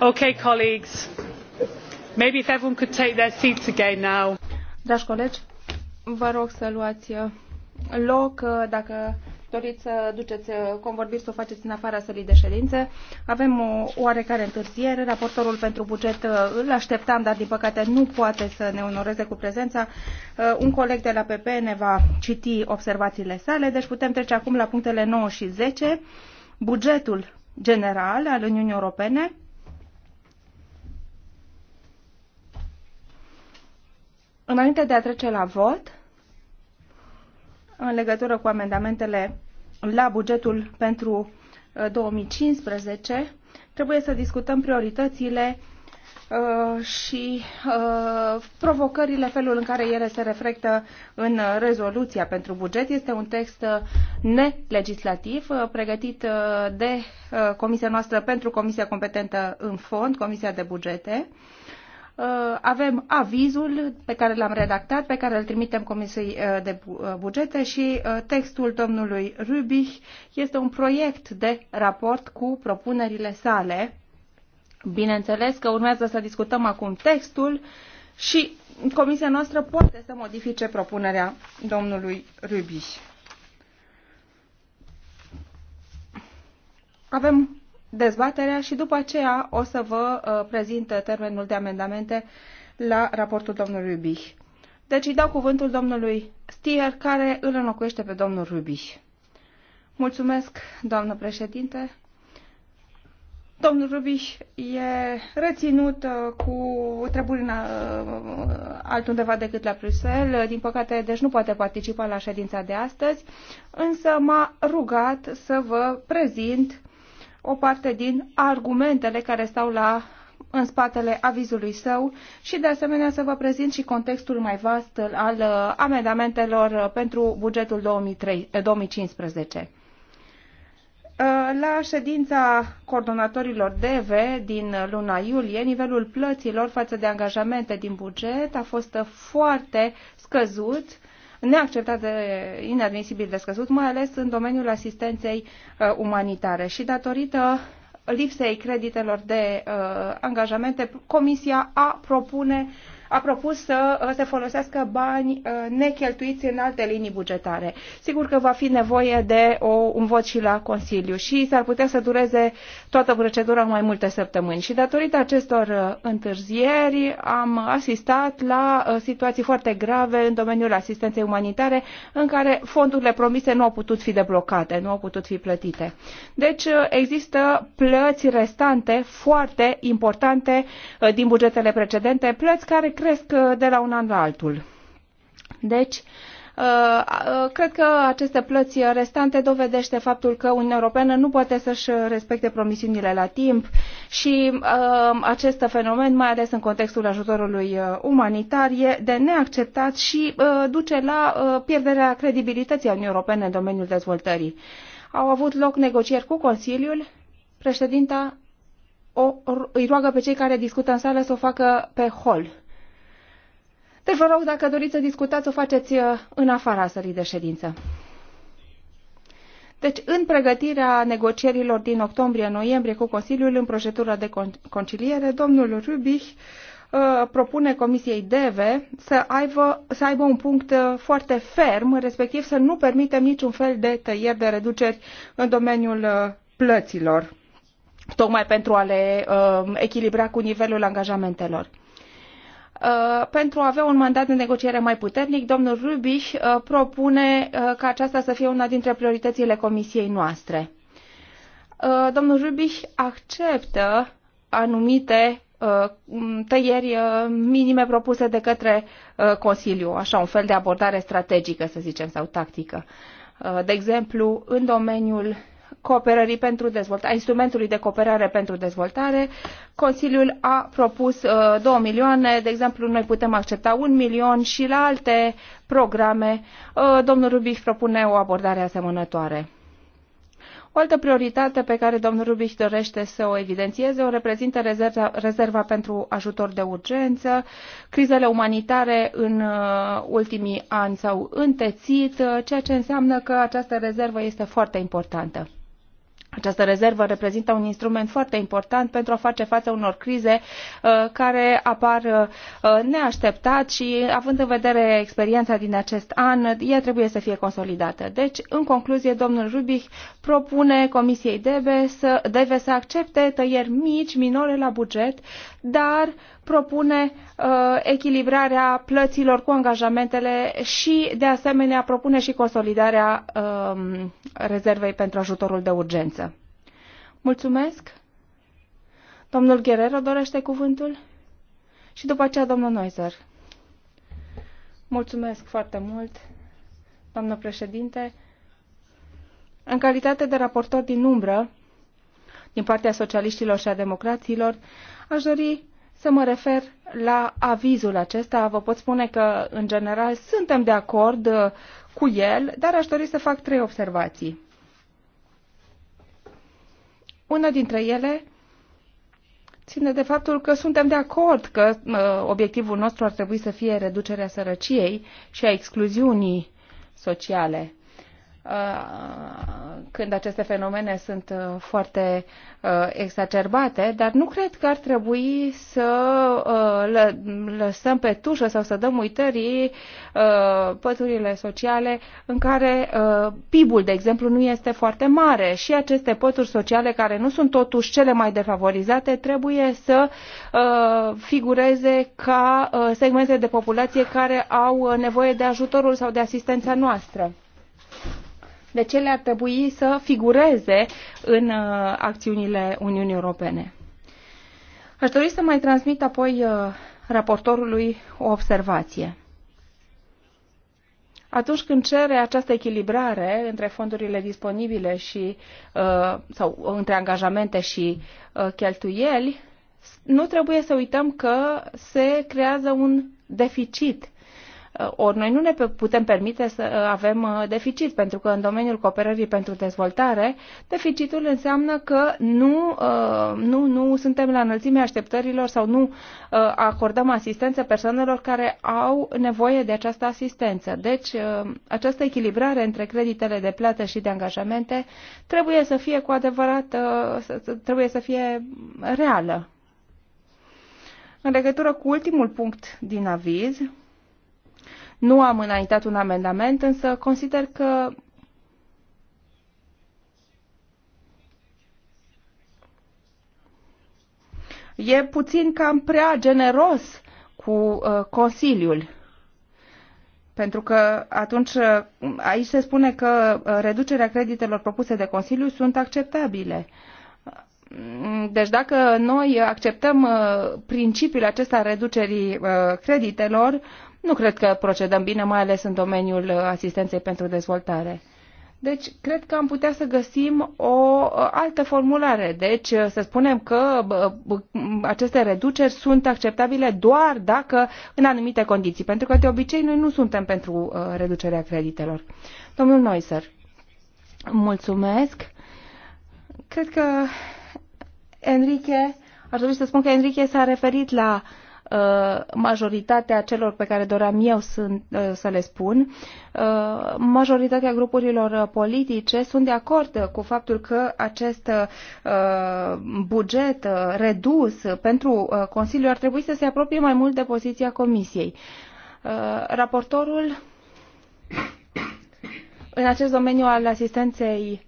Dragi colegi, vă rog să luați uh, loc uh, dacă doriți să duceți uh, convorbiri, să o faceți în afara sălii de ședințe. Avem o oarecare întârziere. Raportorul pentru buget îl așteptam, dar din păcate nu poate să ne onoreze cu prezența. Un coleg de la PP ne va citi observațiile sale, deci putem trece acum la punctele 9 și 10. Bugetul general al Uniunii Europene Înainte de a trece la vot, în legătură cu amendamentele la bugetul pentru 2015, uh, trebuie să discutăm prioritățile uh, și uh, provocările, felul în care ele se reflectă în rezoluția pentru buget. Este un text nelegislativ pregătit de Comisia noastră pentru Comisia competentă în fond, Comisia de bugete. Uh, avem avizul pe care l-am redactat, pe care îl trimitem Comisiei uh, de uh, Bugete și textul domnului Rubich este un proiect de raport cu propunerile sale. Bineînțeles că urmează să discutăm acum textul și Comisia noastră poate să modifice propunerea domnului Rubich. Avem dezbaterea și după aceea o să vă uh, prezint termenul de amendamente la raportul domnului Rubich. Deci îi dau cuvântul domnului Stier, care îl înlocuiește pe domnul Rubich. Mulțumesc, doamnă președinte. Domnul Rubiș e reținut uh, cu treburi în uh, altundeva decât la Bruxelles, din păcate deci nu poate participa la ședința de astăzi, însă m-a rugat să vă prezint o parte din argumentele care stau la, în spatele avizului său și, de asemenea, să vă prezint și contextul mai vast al uh, amendamentelor uh, pentru bugetul 2003, 2015. Eh, uh, la ședința coordonatorilor DV din luna iulie, nivelul plăților față de angajamente din buget a fost foarte scăzut neacceptat de inadmisibil de scăzut, mai ales în domeniul asistenței uh, umanitare. Și datorită lipsei creditelor de uh, angajamente, Comisia a propune uh, a propus să uh, se folosească bani uh, necheltuiți în alte linii bugetare. Sigur că va fi nevoie de o, un vot și la Consiliu și s-ar putea să dureze toată procedura mai multe săptămâni. Și datorită acestor uh, întârzieri am asistat la situații foarte grave în domeniul asistenței umanitare în care fondurile promise nu au putut fi deblocate, nu au putut fi plătite. Deci există plăți restante foarte importante din bugetele precedente, plăți care cresc uh, de la un an la altul. Deci, uh, uh, cred că aceste plăți restante dovedește faptul că Uniunea Europeană nu poate să-și respecte promisiunile la timp și acest fenomen, mai ales în contextul ajutorului umanitar, e de neacceptat și duce la pierderea credibilității a Uniunii Europene în domeniul dezvoltării. Au avut loc negocieri cu Consiliul, președinta o, îi roagă pe cei care discută în sală să o facă pe hol deci vă rog, dacă doriți să discutați, o faceți uh, în afara sării de ședință. Deci, în pregătirea negocierilor din octombrie-noiembrie cu Consiliul în procetură de conciliere, domnul Rubich uh, propune Comisiei DEVE să aibă, să aibă un punct uh, foarte ferm, respectiv să nu permitem niciun fel de tăieri de reduceri în domeniul plăților, tocmai pentru a le echilibra cu nivelul angajamentelor. Uh, pentru a avea un mandat de negociere mai puternic, domnul Rubiș uh, propune uh, ca aceasta să fie una dintre prioritățile comisiei noastre. Domnul Rubiș acceptă anumite tăieri minime propuse de către Consiliu, așa un fel de abordare strategică, să zicem, sau tactică. De exemplu, în domeniul cooperării pentru dezvoltare, a instrumentului de cooperare pentru dezvoltare. Consiliul a propus uh, 2 milioane, de exemplu noi putem accepta 1 milion și la alte programe. Uh, domnul Rubiș propune o abordare asemănătoare. O altă prioritate pe care domnul Rubiș dorește să o evidențieze o reprezintă rezerva, rezerva pentru ajutor de urgență. Crizele umanitare în uh, ultimii ani s-au întețit, uh, ceea ce înseamnă că această rezervă este foarte importantă. Această rezervă reprezintă un instrument foarte important pentru a face față unor crize uh, care apar uh, neașteptat și, având în vedere experiența din acest an, ea trebuie să fie consolidată. Deci, în concluzie, domnul Rubich propune Comisiei DEVE să, DEVE să accepte tăieri mici, minore la buget, dar propune uh, echilibrarea plăților cu angajamentele și, de asemenea, propune și consolidarea uh, rezervei pentru ajutorul de urgență. Mulțumesc. Domnul Guerrero dorește cuvântul? Și după aceea domnul Noizer. Mulțumesc foarte mult, doamnă președinte. În calitate de raportor din umbră, din partea socialiștilor și a democraților, Aș dori să mă refer la avizul acesta. Vă pot spune că, în general, suntem de acord uh, cu el, dar aș dori să fac trei observații. Una dintre ele ține de faptul că suntem de acord că uh, obiectivul nostru ar trebui să fie reducerea sărăciei și a excluziunii sociale. Uh, când aceste fenomene sunt uh, foarte uh, exacerbate, dar nu cred că ar trebui să lăsăm pe tușă sau să dăm uitării păturile sociale în care PIB-ul, de exemplu, nu este foarte mare și aceste pături sociale care nu sunt totuși cele mai defavorizate trebuie să figureze ca segmente de populație care au nevoie de ajutorul sau de asistența noastră ce le ar trebui să figureze în uh, acțiunile Uniunii Europene. Aș dori să mai transmit apoi uh, raportorului o observație. Atunci când cere această echilibrare între fondurile disponibile și, uh, sau între angajamente și cheltuieli, nu trebuie să uităm că se creează un deficit Eh, ori noi nu ne putem permite să eh, avem eh, deficit, pentru că în domeniul cooperării pentru dezvoltare, deficitul înseamnă că nu, nu, nu suntem la înălțimea așteptărilor sau nu acordăm asistență persoanelor care au nevoie de această asistență. Deci, această echilibrare între creditele de plată și de angajamente trebuie să fie cu adevărat, trebuie să fie reală. În legătură cu ultimul punct din aviz, nu am înaintat un amendament, însă consider că e puțin cam prea generos cu uh, Consiliul. Pentru că atunci uh, aici se spune că uh, reducerea creditelor propuse de Consiliu sunt acceptabile. Deci dacă noi acceptăm uh, principiul acesta reducerii creditelor, nu cred că procedăm bine, mai ales în domeniul asistenței pentru dezvoltare. Deci, cred că am putea să găsim o uh, altă formulare. Deci, uh, să spunem că aceste reduceri sunt acceptabile doar dacă în anumite condiții, pentru că de obicei noi nu suntem pentru uh, reducerea creditelor. Domnul Noiser, mulțumesc. Cred că Enrique, aș dori să spun că Enrique s-a referit la uh, Uh, majoritatea celor pe care doream eu uh, să le spun, uh, majoritatea grupurilor politice sunt de acord cu faptul că acest buget redus pentru Consiliu ar trebui să se apropie mai mult de poziția Comisiei. Raportorul în acest domeniu al asistenței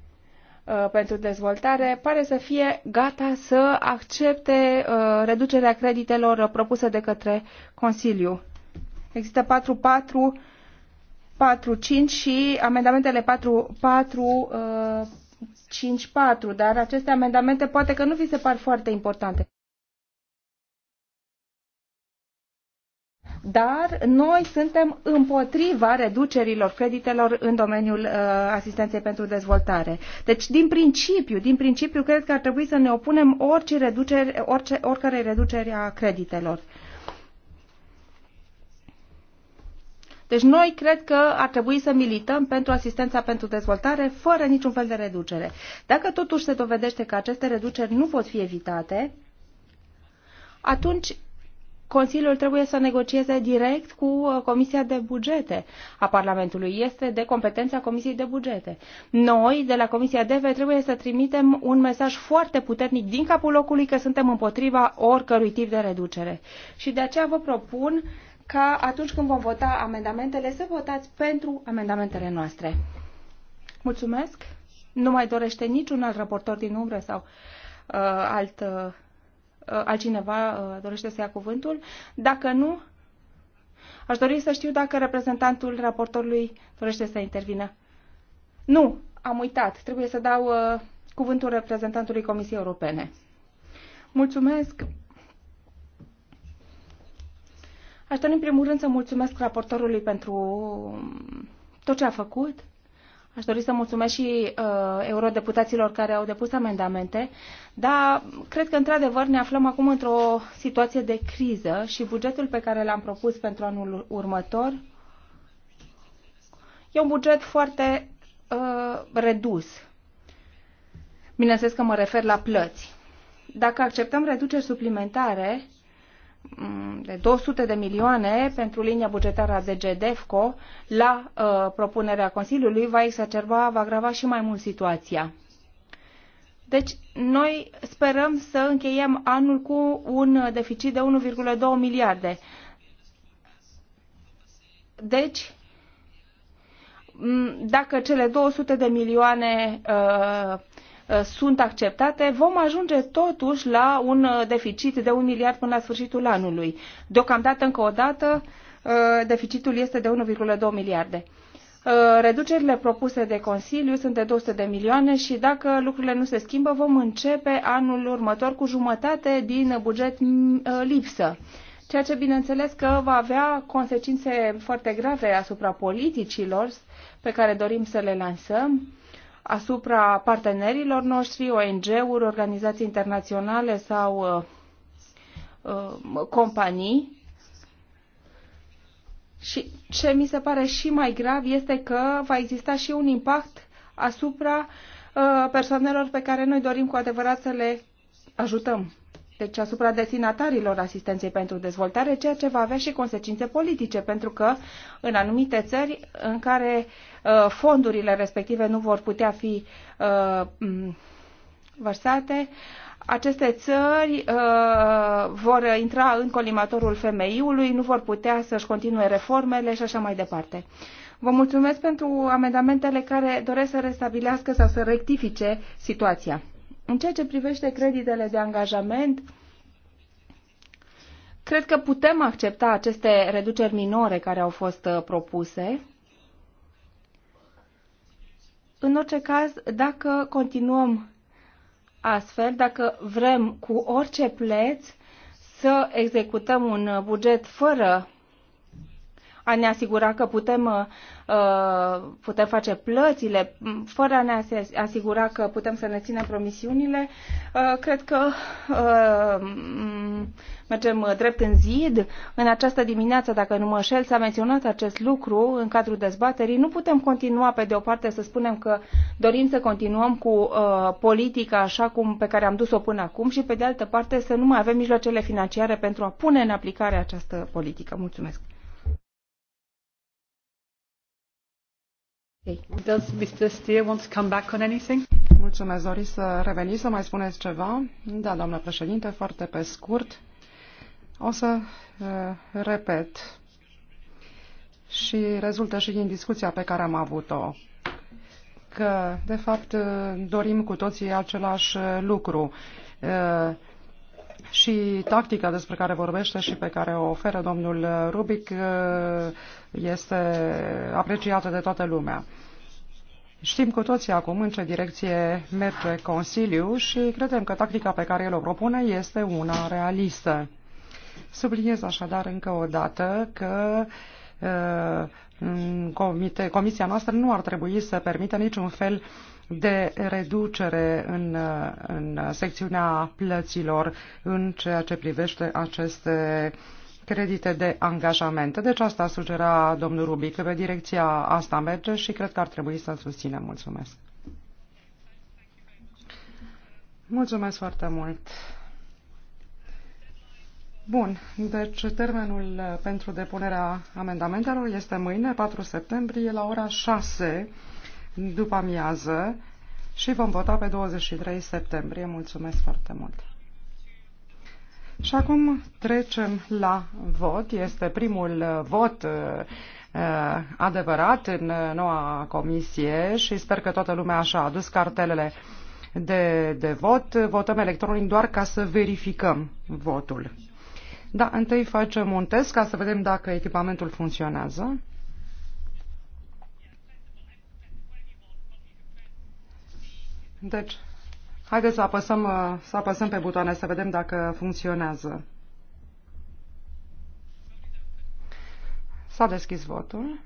Uh, pentru dezvoltare pare să fie gata să accepte uh, reducerea creditelor propusă de către Consiliu. Există 4, 4, 4, 5 și amendamentele 4, 4, 5, 4, dar aceste amendamente poate că nu vi se par foarte importante. dar noi suntem împotriva reducerilor creditelor în domeniul uh, asistenței pentru dezvoltare. Deci, din principiu, din principiu, cred că ar trebui să ne opunem orice reduceri, orice, oricare reduceri a creditelor. Deci noi cred că ar trebui să milităm pentru asistența pentru dezvoltare fără niciun fel de reducere. Dacă totuși se dovedește că aceste reduceri nu pot fi evitate, atunci Consiliul trebuie să negocieze direct cu uh, Comisia de Bugete a Parlamentului. Este de competența Comisiei de Bugete. Noi, de la Comisia DV, trebuie să trimitem un mesaj foarte puternic din capul locului că suntem împotriva oricărui tip de reducere. Și de aceea vă propun ca atunci când vom vota amendamentele să votați pentru amendamentele noastre. Mulțumesc! Nu mai dorește niciun alt raportor din umbră sau uh, alt uh, Uh, altcineva uh, dorește să ia cuvântul. Dacă nu, aș dori să știu dacă reprezentantul raportorului dorește să intervină. Nu, am uitat. Trebuie să dau uh, cuvântul reprezentantului Comisiei Europene. Mulțumesc. Aș dori în primul rând să mulțumesc raportorului pentru tot ce a făcut. Aș dori să mulțumesc și uh, eurodeputaților care au depus amendamente, dar cred că, într-adevăr, ne aflăm acum într-o situație de criză și bugetul pe care l-am propus pentru anul următor e un buget foarte uh, redus. Bineînțeles că mă refer la plăți. Dacă acceptăm reduceri suplimentare, Mm, de 200 de milioane pentru linia bugetară a DEFCO la uh, propunerea Consiliului va exacerba, va agrava și mai mult situația. Deci, noi sperăm să încheiem anul cu un deficit de 1,2 miliarde. Deci, mm, dacă cele 200 de milioane uh, Uh, sunt acceptate, vom ajunge totuși la un uh, deficit de un miliard până la sfârșitul anului. Deocamdată, încă o dată, uh, deficitul este de 1,2 miliarde. Reducerile propuse de Consiliu sunt de 200 de milioane și dacă lucrurile nu se schimbă, vom începe anul următor cu jumătate din buget lipsă ceea ce bineînțeles că va avea consecințe foarte grave asupra politicilor pe care dorim să le lansăm asupra partenerilor noștri, ONG-uri, organizații internaționale sau uh, uh, companii. Și ce mi se pare și mai grav este că va exista și un impact asupra uh, persoanelor pe care noi dorim cu adevărat să le ajutăm deci asupra destinatarilor asistenței pentru dezvoltare, ceea ce va avea și consecințe politice, pentru că în anumite țări în care uh, fondurile respective nu vor putea fi uh, vărsate, aceste țări uh, vor intra în colimatorul femeiului, nu vor putea să-și continue reformele și așa mai departe. Vă mulțumesc pentru amendamentele care doresc să restabilească sau să rectifice situația. În ceea ce privește creditele de angajament, cred că putem accepta aceste reduceri minore care au fost uh, propuse. În orice caz, dacă continuăm astfel, dacă vrem cu orice pleț să executăm un uh, buget fără a ne asigura că putem, uh, putem face plățile, fără a ne asigura că putem să ne ținem promisiunile, uh, cred că uh, mergem drept în zid. În această dimineață, dacă nu mă șel, s-a menționat acest lucru în cadrul dezbaterii. Nu putem continua, pe de o parte, să spunem că dorim să continuăm cu politica așa cum pe care am dus-o până acum și, pe de altă parte, să nu mai avem mijloacele financiare pentru a pune în aplicare această politică. Mulțumesc! Does Mr. Steer want to come back on anything? Mulțumesc, dori să reveni să mai spuneți ceva. Da, doamnă președinte, foarte pe scurt. O să uh, repet și rezultă și din discuția pe care am avut-o că, de fapt, uh, dorim cu toții același uh, lucru. Uh, și tactica despre care vorbește și pe care o oferă domnul Rubic uh, este apreciată de toată lumea. Știm cu toții acum în ce direcție merge Consiliu și credem că tactica pe care el o propune este una realistă. Subliniez așadar încă o dată că uh, comite, comisia noastră nu ar trebui să permită niciun fel uh, de reducere în, în secțiunea plăților în ceea ce privește aceste credite de angajamente. Deci asta sugera domnul Rubi, că pe direcția asta merge și cred că ar trebui să-l susținem. Mulțumesc. Mulțumesc foarte mult. Bun, deci termenul pentru depunerea amendamentelor este mâine, 4 septembrie, la ora 6 după amiază și vom vota pe 23 septembrie. Mulțumesc foarte mult! Și acum trecem la vot. Este primul uh, vot uh, uh, adevărat în noua comisie și sper că toată lumea așa a adus cartelele de, de vot. Votăm electronic doar ca să verificăm votul. Da, întâi facem un test ca să vedem dacă echipamentul funcționează. Deci, haideți să apăsăm, uh, să apăsăm pe butoane să vedem dacă funcționează. S-a deschis votul.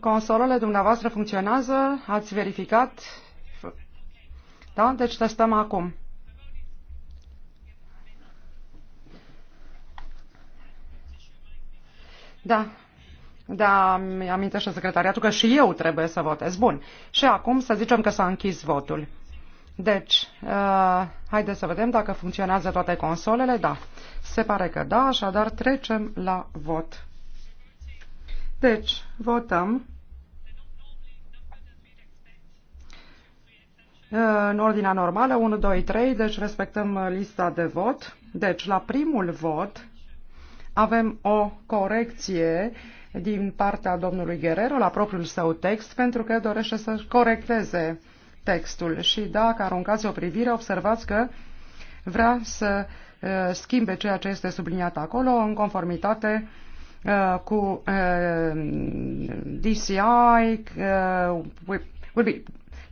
Consolele dumneavoastră funcționează? Ați verificat? Da? Deci testăm acum. Da, da, amintește secretariatul că și eu trebuie să votez. Bun. Și acum să zicem că s-a închis votul. Deci, uh, haideți să vedem dacă funcționează toate consolele. Da, se pare că da, așadar trecem la vot. Deci, votăm. Uh, în ordinea normală, 1, 2, 3, deci respectăm lista de vot. Deci, la primul vot, avem o corecție din partea domnului Guerrero la propriul său text pentru că dorește să corecteze textul și dacă aruncați o privire observați că vrea să uh, schimbe ceea ce este subliniat acolo în conformitate uh, cu DCI, will be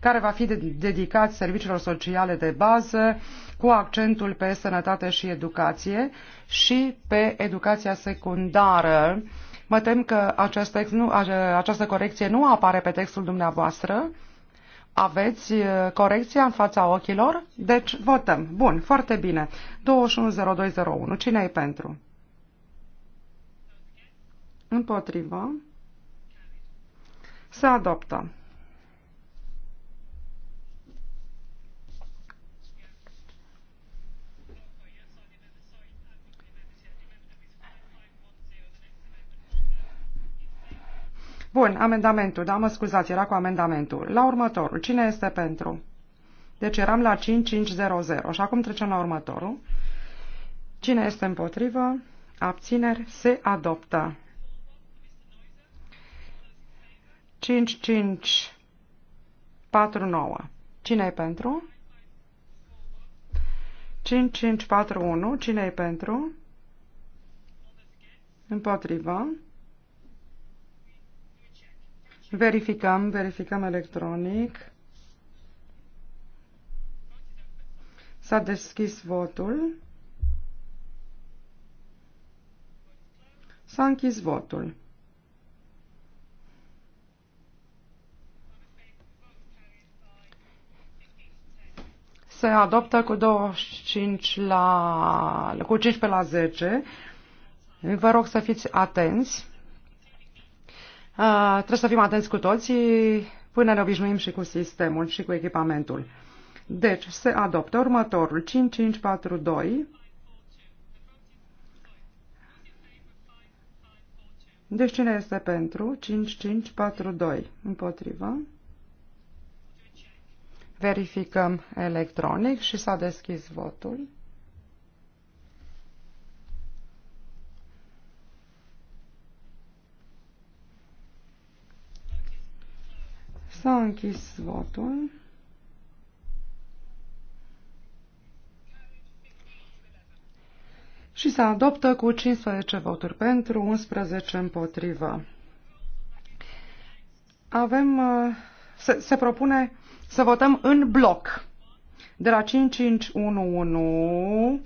care va fi dedicat serviciilor sociale de bază cu accentul pe sănătate și educație și pe educația secundară. Mă tem că acest text nu, această corecție nu apare pe textul dumneavoastră. Aveți uh, corecția în fața ochilor? Deci votăm. Bun, foarte bine. 210201. Cine e pentru? Împotrivă. Se adoptă. Bun, amendamentul, da, mă scuzați, era cu amendamentul. La următorul, cine este pentru? Deci eram la 5500 și acum trecem la următorul. Cine este împotrivă? Abțineri se adoptă. 5549. Cine e pentru? 5541. Cine e pentru? Împotrivă. Verificăm, verificăm electronic. S-a deschis votul. S-a închis votul. Se adoptă cu 25 la, cu 15 la 10. Vă rog să fiți atenți trebuie să fim atenți cu toții până ne obișnuim și cu sistemul și cu echipamentul. Deci, se adoptă următorul 5542. Deci cine este pentru? 5542. Împotrivă. Verificăm electronic și s-a deschis votul. S-a închis votul. Și se adoptă cu 15 voturi pentru, 11 împotrivă. Avem, uh, se, se propune să votăm în bloc de la 5511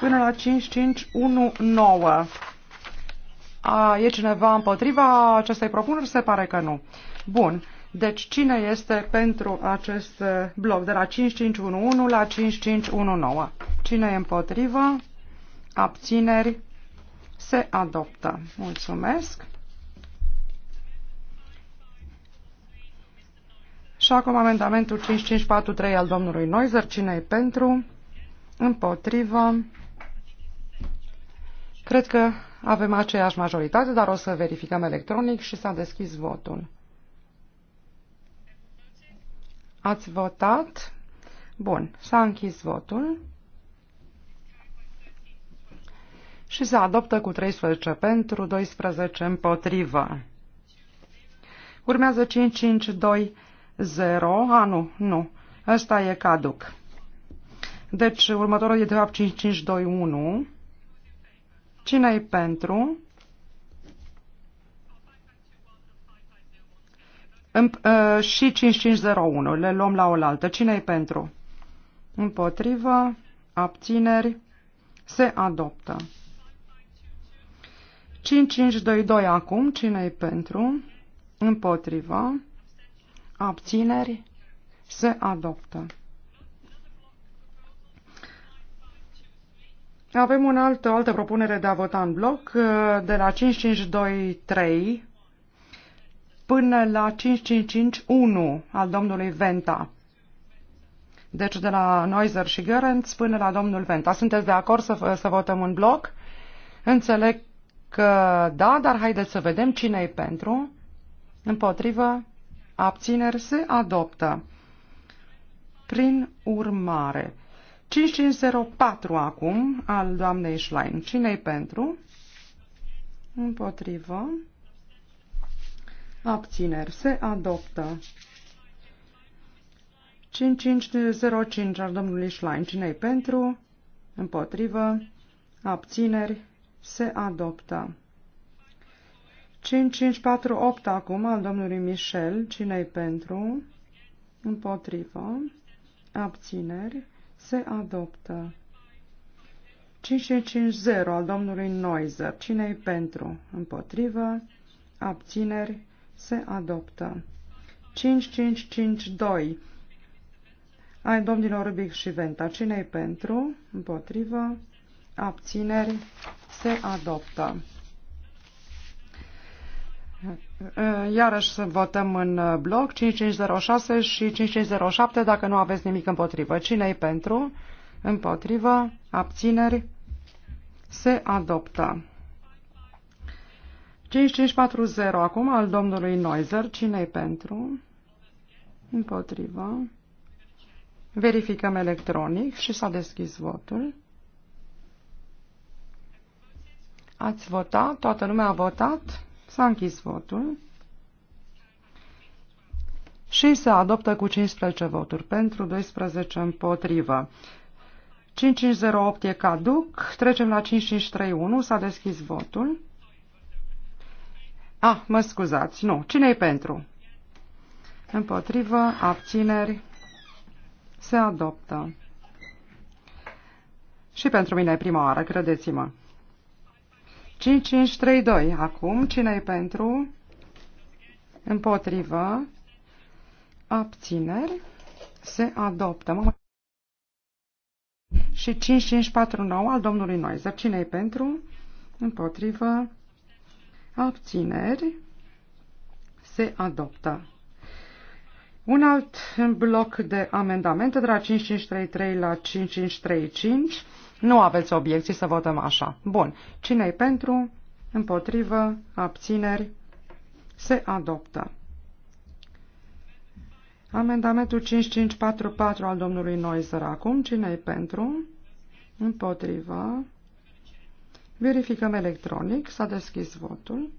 până la 5519. A, e cineva împotriva acestei propuneri? Se pare că nu. Bun. Deci cine este pentru acest bloc de la 5511 la 5519? Cine e împotrivă? Abțineri? Se adoptă. Mulțumesc. Și acum amendamentul 5543 al domnului Noizer. Cine e pentru? Împotrivă? Cred că avem aceeași majoritate, dar o să verificăm electronic și s-a deschis votul. Ați votat? Bun, s-a închis votul. Și se adoptă cu 13 pentru, 12 împotrivă. Urmează 5520. A, nu, nu. Ăsta e caduc. Deci, următorul e de fapt 5521. Cine-i pentru? Uh, și 5501. Le luăm la oaltă. Cine e pentru? Împotrivă. Abțineri. Se adoptă. 5522 acum. Cine e pentru? Împotrivă. Abțineri. Se adoptă. Avem un alt, o altă propunere de a vota în bloc uh, de la 5523 până la 5551 al domnului Venta. Deci de la Noizer și Gerenț până la domnul Venta. Sunteți de acord să, să votăm în bloc? Înțeleg că da, dar haideți să vedem cine e pentru. Împotrivă, abțineri se adoptă. Prin urmare, 5504 acum al doamnei Schlein. cine e pentru? Împotrivă, Abțineri. Se adoptă. 5505 al domnului Schlein. cine pentru? Împotrivă. Abțineri. Se adoptă. 5548 acum al domnului Michel. cine pentru? Împotrivă. Abțineri. Se adoptă. 5550 al domnului Noizer. cine pentru? Împotrivă. Abțineri se adoptă. 5552. Ai domnilor Rubic și Venta. cine pentru? Împotrivă. Abțineri. Se adoptă. Iarăși să votăm în bloc 5506 și 5507 dacă nu aveți nimic împotrivă. cine e pentru? Împotrivă. Abțineri. Se adoptă. 5540 acum al domnului Noizer. cine e pentru? Împotrivă. Verificăm electronic și s-a deschis votul. Ați votat? Toată lumea a votat? S-a închis votul. Și se adoptă cu 15 voturi pentru, 12 împotrivă. 5508 e caduc. Trecem la 5531. S-a deschis votul. Ah, mă scuzați, nu. cine e pentru? Împotrivă, abțineri, se adoptă. Și pentru mine e prima oară, credeți-mă. 5-5-3-2. Acum, cine e pentru? Împotrivă. Abțineri. Se adoptă. Și 5-5-4-9 al domnului Noizer. cine e pentru? Împotrivă abțineri, se adoptă. Un alt bloc de amendamente de la 5533 la 5535. Nu aveți obiecții să votăm așa. Bun. cine pentru? Împotrivă? Abțineri? Se adoptă. Amendamentul 5544 al domnului Noizer acum. cine pentru? Împotrivă? Verificăm electronic. S-a deschis votul.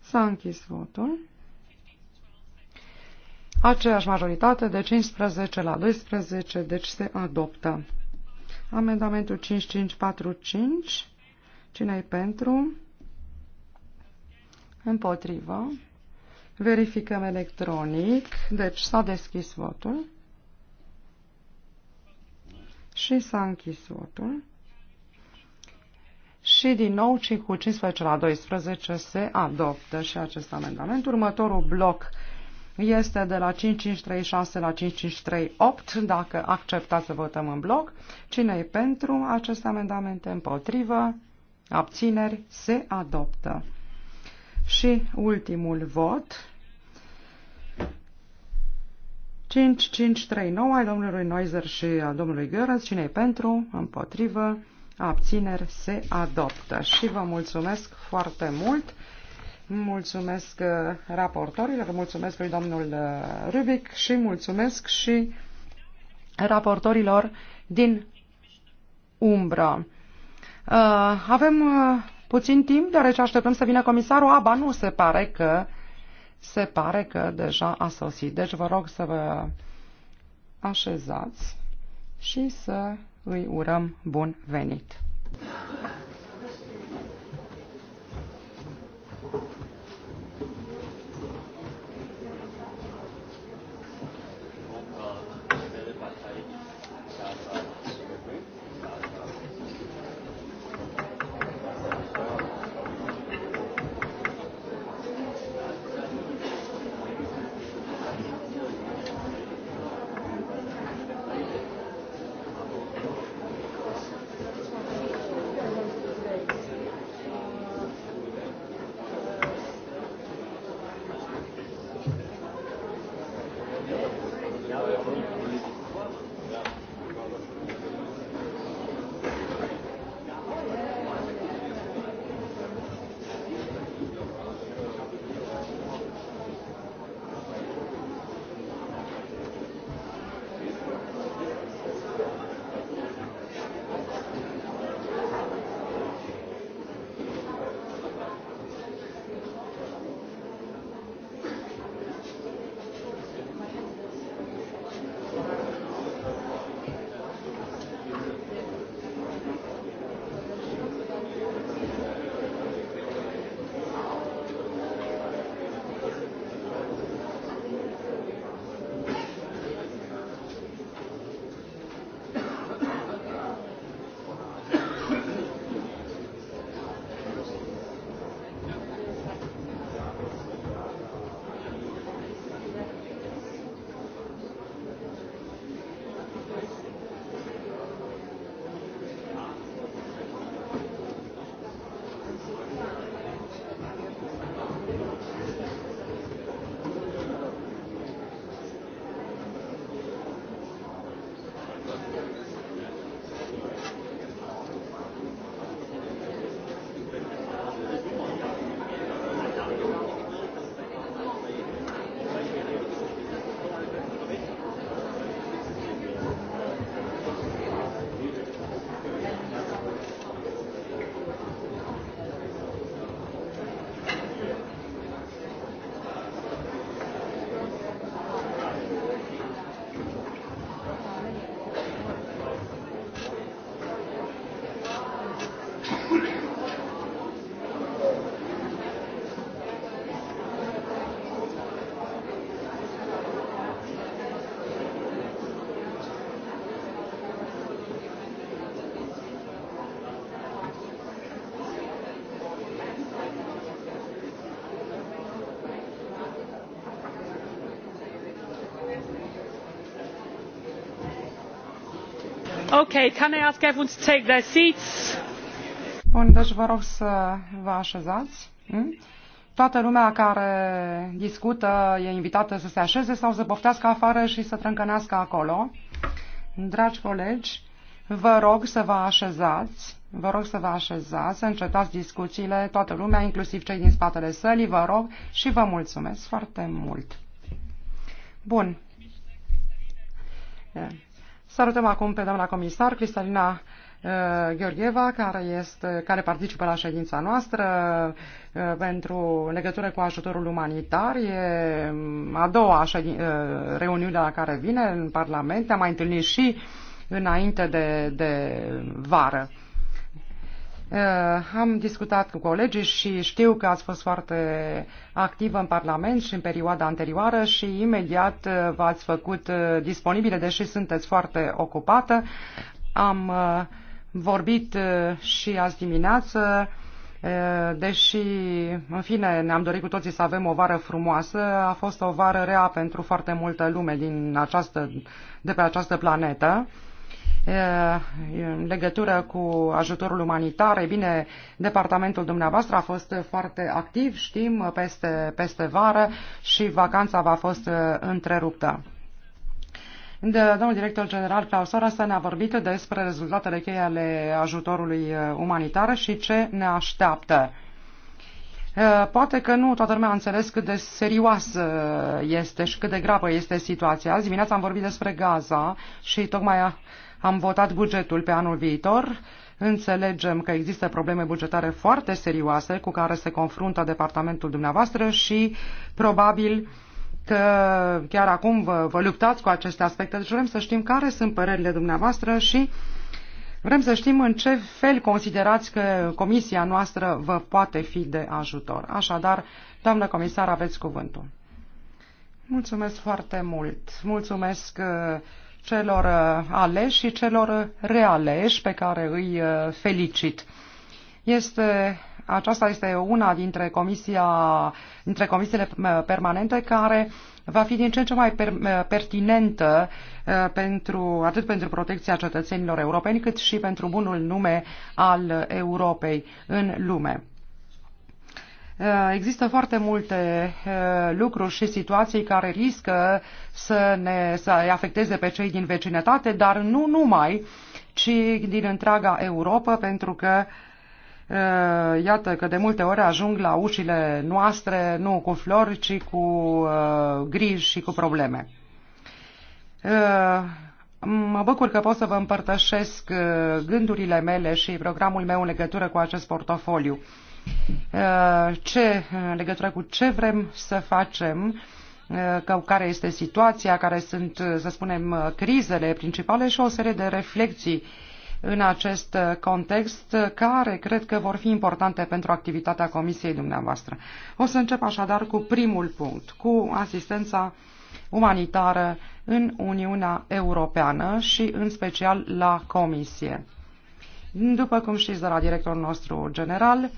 S-a închis votul. Aceeași majoritate de 15 la 12, deci se adoptă. Amendamentul 5545. Cine-i pentru? Împotrivă. Verificăm electronic. Deci s-a deschis votul. Și s-a închis votul. Și din nou, cei cu 15 la 12 se adoptă și acest amendament. Următorul bloc este de la 5536 la 5538, dacă acceptați să votăm în bloc. Cine e pentru aceste amendamente? Împotrivă? Abțineri? Se adoptă. Și ultimul vot 5539 ai domnului Noizer și a domnului Görens. Cine e pentru? Împotrivă? Abțineri se adoptă. Și vă mulțumesc foarte mult. Mulțumesc uh, raportorilor, mulțumesc lui domnul uh, Rubic și mulțumesc și raportorilor din umbră. Uh, avem puțin timp, deoarece așteptăm să vină comisarul. Aba, nu se pare că se pare că deja a sosit. Deci vă rog să vă așezați și să îi urăm bun venit. can I ask everyone to take their seats? Bun, deci vă rog să vă așezați. Hm? Toată lumea care discută e invitată să se așeze sau să poftească afară și să trâncănească acolo. Dragi colegi, vă rog să vă așezați. Vă rog să vă așezați, să încetați discuțiile, toată lumea, inclusiv cei din spatele sălii, vă rog și vă mulțumesc foarte mult. Bun. Salutăm acum pe doamna comisar Cristalina uh, Gheorgheva, care, este, care participă la ședința noastră uh, pentru legătură cu ajutorul umanitar. E mm, a doua uh, reuniune la care vine în Parlament. am mai întâlnit și înainte de, de vară. Uh, am discutat cu colegii și știu că ați fost foarte activă în Parlament și în perioada anterioară și imediat uh, v-ați făcut uh, disponibile, deși sunteți foarte ocupată. Am vorbit și azi dimineață, deși, în fine, ne-am dorit cu toții să avem o vară frumoasă, a fost o vară rea pentru foarte multă lume din această, de pe această planetă în legătură cu ajutorul umanitar. E bine, departamentul dumneavoastră a fost foarte activ, știm, peste, peste vară și vacanța va fost întreruptă. De, domnul director general Klaus ne a vorbit despre rezultatele cheie ale ajutorului umanitar și ce ne așteaptă. Poate că nu toată lumea a înțeles cât de serioasă este și cât de gravă este situația. Azi dimineața am vorbit despre Gaza și tocmai am votat bugetul pe anul viitor. Înțelegem că există probleme bugetare foarte serioase cu care se confruntă departamentul dumneavoastră și probabil că chiar acum vă, vă luptați cu aceste aspecte. Deci vrem să știm care sunt părerile dumneavoastră și vrem să știm în ce fel considerați că comisia noastră vă poate fi de ajutor. Așadar, doamnă comisar, aveți cuvântul. Mulțumesc foarte mult. Mulțumesc uh, celor uh, aleși și celor uh, realeși pe care îi uh, felicit. Este, aceasta este una dintre, comisia, dintre comisiile permanente care va fi din ce în ce mai per, pertinentă pentru, atât pentru protecția cetățenilor europeni cât și pentru bunul nume al Europei în lume. Eh, există foarte multe eh, lucruri și situații care riscă să ne să afecteze pe cei din vecinătate, dar nu numai, ci din întreaga Europa, pentru că eh, iată că de multe ori ajung la ușile noastre nu cu flori, ci cu griji și cu probleme. Mă bucur că pot să vă împărtășesc gândurile mele și programul meu în legătură cu acest portofoliu. Uh, ce, în legătură cu ce vrem să facem, uh, care este situația, care sunt, uh, să spunem, crizele principale și o serie de reflexii în acest context, care cred că vor fi importante pentru activitatea Comisiei dumneavoastră. O să încep așadar cu primul punct, cu asistența umanitară în Uniunea Europeană și în special la Comisie. După cum știți de la directorul nostru general,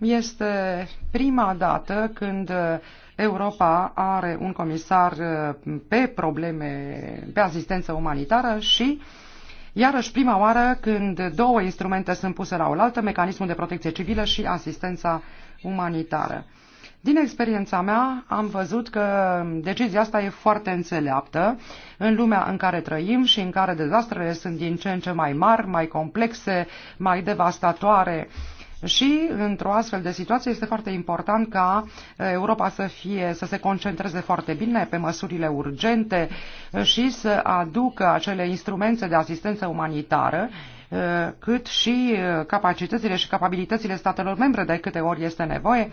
este prima dată când Europa are un comisar uh, pe probleme, pe asistență umanitară și iarăși prima oară când două instrumente sunt puse la oaltă, mecanismul de protecție civilă și asistența umanitară. Din experiența mea am văzut că decizia asta e foarte înțeleaptă în lumea în care trăim și în care dezastrele sunt din ce în ce mai mari, mai complexe, mai devastatoare și într-o astfel de situație este foarte important ca eh, Europa să, fie, să se concentreze foarte bine pe măsurile urgente eh, și să aducă acele instrumente de asistență umanitară eh, cât și capacitățile și capabilitățile statelor membre de câte ori este nevoie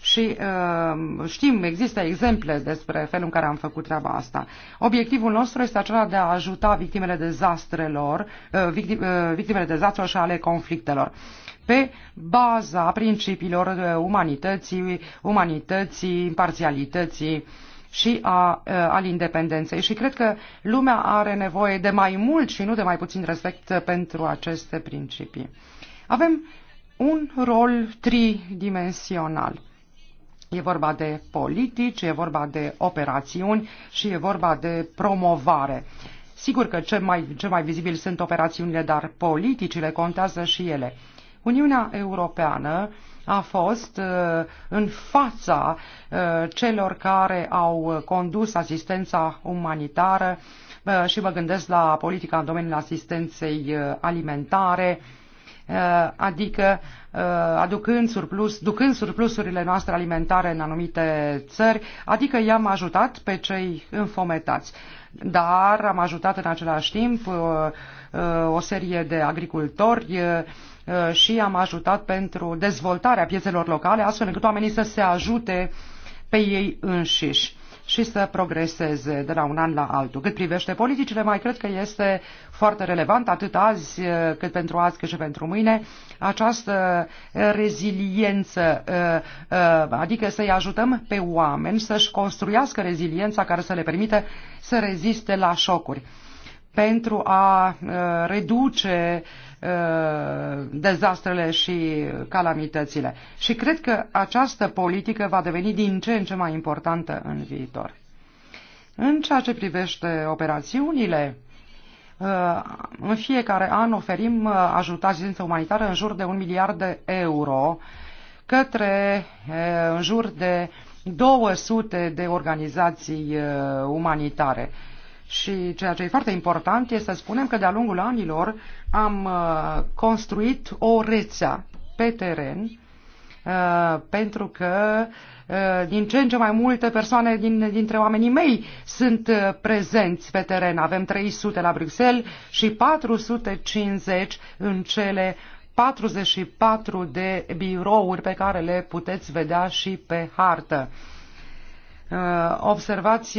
și știm, există exemple despre felul în care am făcut treaba asta. Obiectivul nostru este acela de a ajuta victimele dezastrelor, victimele dezastrelor și ale conflictelor pe baza principiilor uh, umanității, umanității, imparțialității și a, uh, al independenței. Și cred că lumea are nevoie de mai mult și nu de mai puțin respect pentru aceste principii. Avem un rol tridimensional. E vorba de politici, e vorba de operațiuni și e vorba de promovare. Sigur că cel mai, cel mai vizibil sunt operațiunile, dar politicile contează și ele. Uniunea Europeană a fost uh, în fața uh, celor care au condus asistența umanitară uh, și mă gândesc la politica în domeniul asistenței alimentare, adică aducând surplus, ducând surplusurile noastre alimentare în anumite țări, adică i-am ajutat pe cei înfometați. Dar am ajutat în același timp Uh, o serie de agricultori uh, uh, și am ajutat pentru dezvoltarea piețelor locale, astfel încât oamenii să se ajute pe ei înșiși și să progreseze de la un an la altul. Cât privește politicile, mai cred că este foarte relevant, atât azi, cât pentru azi, cât și pentru mâine, această reziliență, adică să-i ajutăm pe oameni să-și construiască reziliența care să le permită să reziste la șocuri pentru a uh, reduce uh, dezastrele și calamitățile. Și cred că această politică va deveni din ce în ce mai importantă în viitor. În ceea ce privește operațiunile, uh, în fiecare an oferim ajutație umanitară în jur de un miliard de euro către în jur de 200 de organizații umanitare și ceea ce e foarte important este să spunem că de-a lungul anilor am uh, construit o rețea pe teren uh, pentru că uh, din ce în ce mai multe persoane din, dintre oamenii mei sunt prezenți pe teren. Avem 300 la Bruxelles și 450 în cele 44 de birouri pe care le puteți vedea și pe hartă. Observați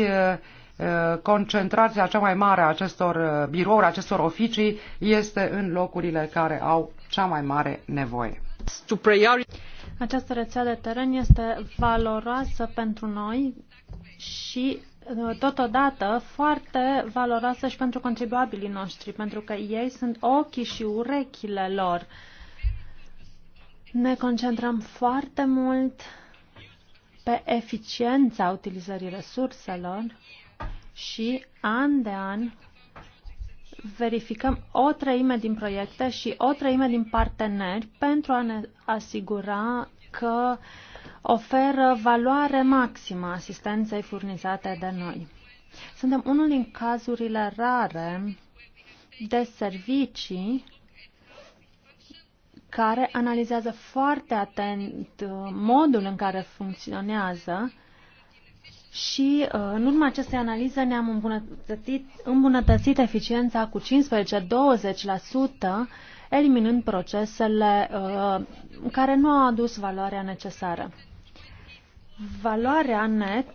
Eh, concentrația cea mai mare a acestor eh, birouri, acestor oficii, este în locurile care au cea mai mare nevoie. Această rețea de teren este valoroasă pentru noi și eh, totodată foarte valoroasă și pentru contribuabilii noștri, pentru că ei sunt ochii și urechile lor. Ne concentrăm foarte mult pe eficiența utilizării resurselor și an de an verificăm o treime din proiecte și o treime din parteneri pentru a ne asigura că oferă valoare maximă asistenței furnizate de noi. Suntem unul din cazurile rare de servicii care analizează foarte atent uh, modul în care funcționează și uh, în urma acestei analize ne-am îmbunătățit, îmbunătățit eficiența cu 15-20%, eliminând procesele uh, care nu au adus valoarea necesară. Valoarea net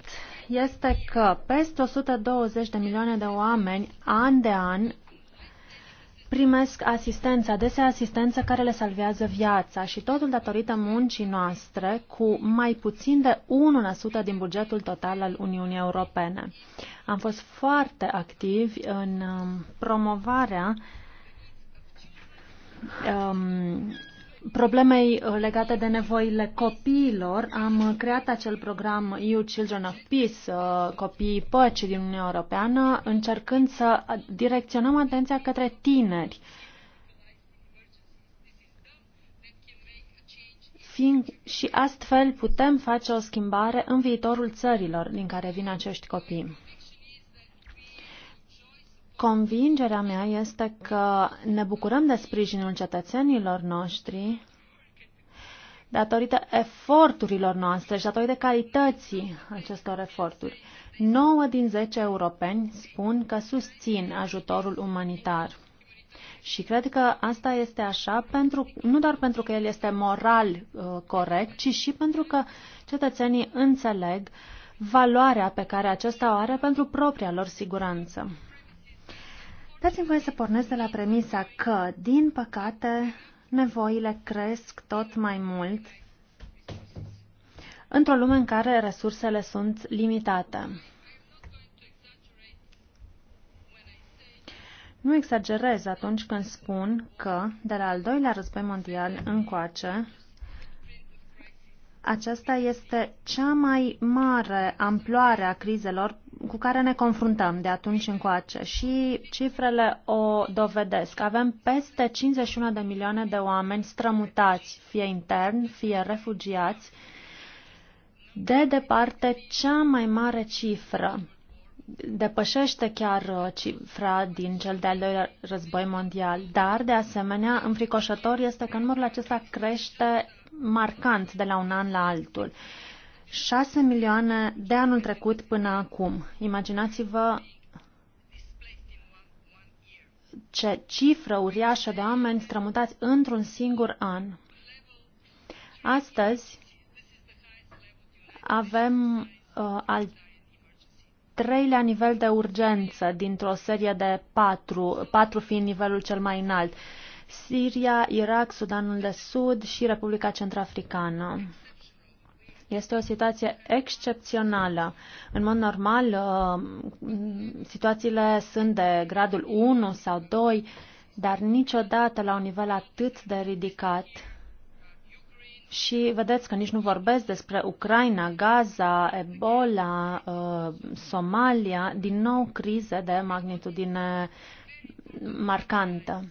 este că peste 120 de milioane de oameni an de an primesc asistență, adesea asistență care le salvează viața și totul datorită muncii noastre cu mai puțin de 1% din bugetul total al Uniunii Europene. Am fost foarte activi în um, promovarea um, problemei uh, legate de nevoile copiilor, am uh, creat acel program You Children of Peace, uh, Copiii Păcii din Uniunea Europeană, încercând să direcționăm atenția către tineri. Fiind și astfel putem face o schimbare în viitorul țărilor din care vin acești copii. Convingerea mea este că ne bucurăm de sprijinul cetățenilor noștri datorită eforturilor noastre și datorită calității acestor eforturi. 9 din 10 europeni spun că susțin ajutorul umanitar. Și cred că asta este așa pentru, nu doar pentru că el este moral uh, corect, ci și pentru că cetățenii înțeleg valoarea pe care acesta o are pentru propria lor siguranță. Dați-mi voie să pornesc de la premisa că, din păcate, nevoile cresc tot mai mult într-o lume în care resursele sunt limitate. Nu exagerez atunci când spun că, de la al doilea război mondial încoace, aceasta este cea mai mare amploare a crizelor cu care ne confruntăm de atunci încoace și cifrele o dovedesc. Avem peste 51 de milioane de oameni strămutați, fie intern, fie refugiați, de departe cea mai mare cifră. Depășește chiar uh, cifra din cel de-al doilea război mondial, dar, de asemenea, înfricoșător este că numărul acesta crește marcant de la un an la altul. 6 milioane de anul trecut până acum. Imaginați-vă ce cifră uriașă de oameni strămutați într-un singur an. Astăzi avem uh, al treilea nivel de urgență dintr-o serie de patru, patru fiind nivelul cel mai înalt. Siria, Irak, Sudanul de Sud și Republica Centrafricană. Este o situație excepțională. În mod normal, uh, situațiile sunt de gradul 1 sau 2, dar niciodată la un nivel atât de ridicat. Și vedeți că nici nu vorbesc despre Ucraina, Gaza, Ebola, uh, Somalia, din nou crize de magnitudine marcantă.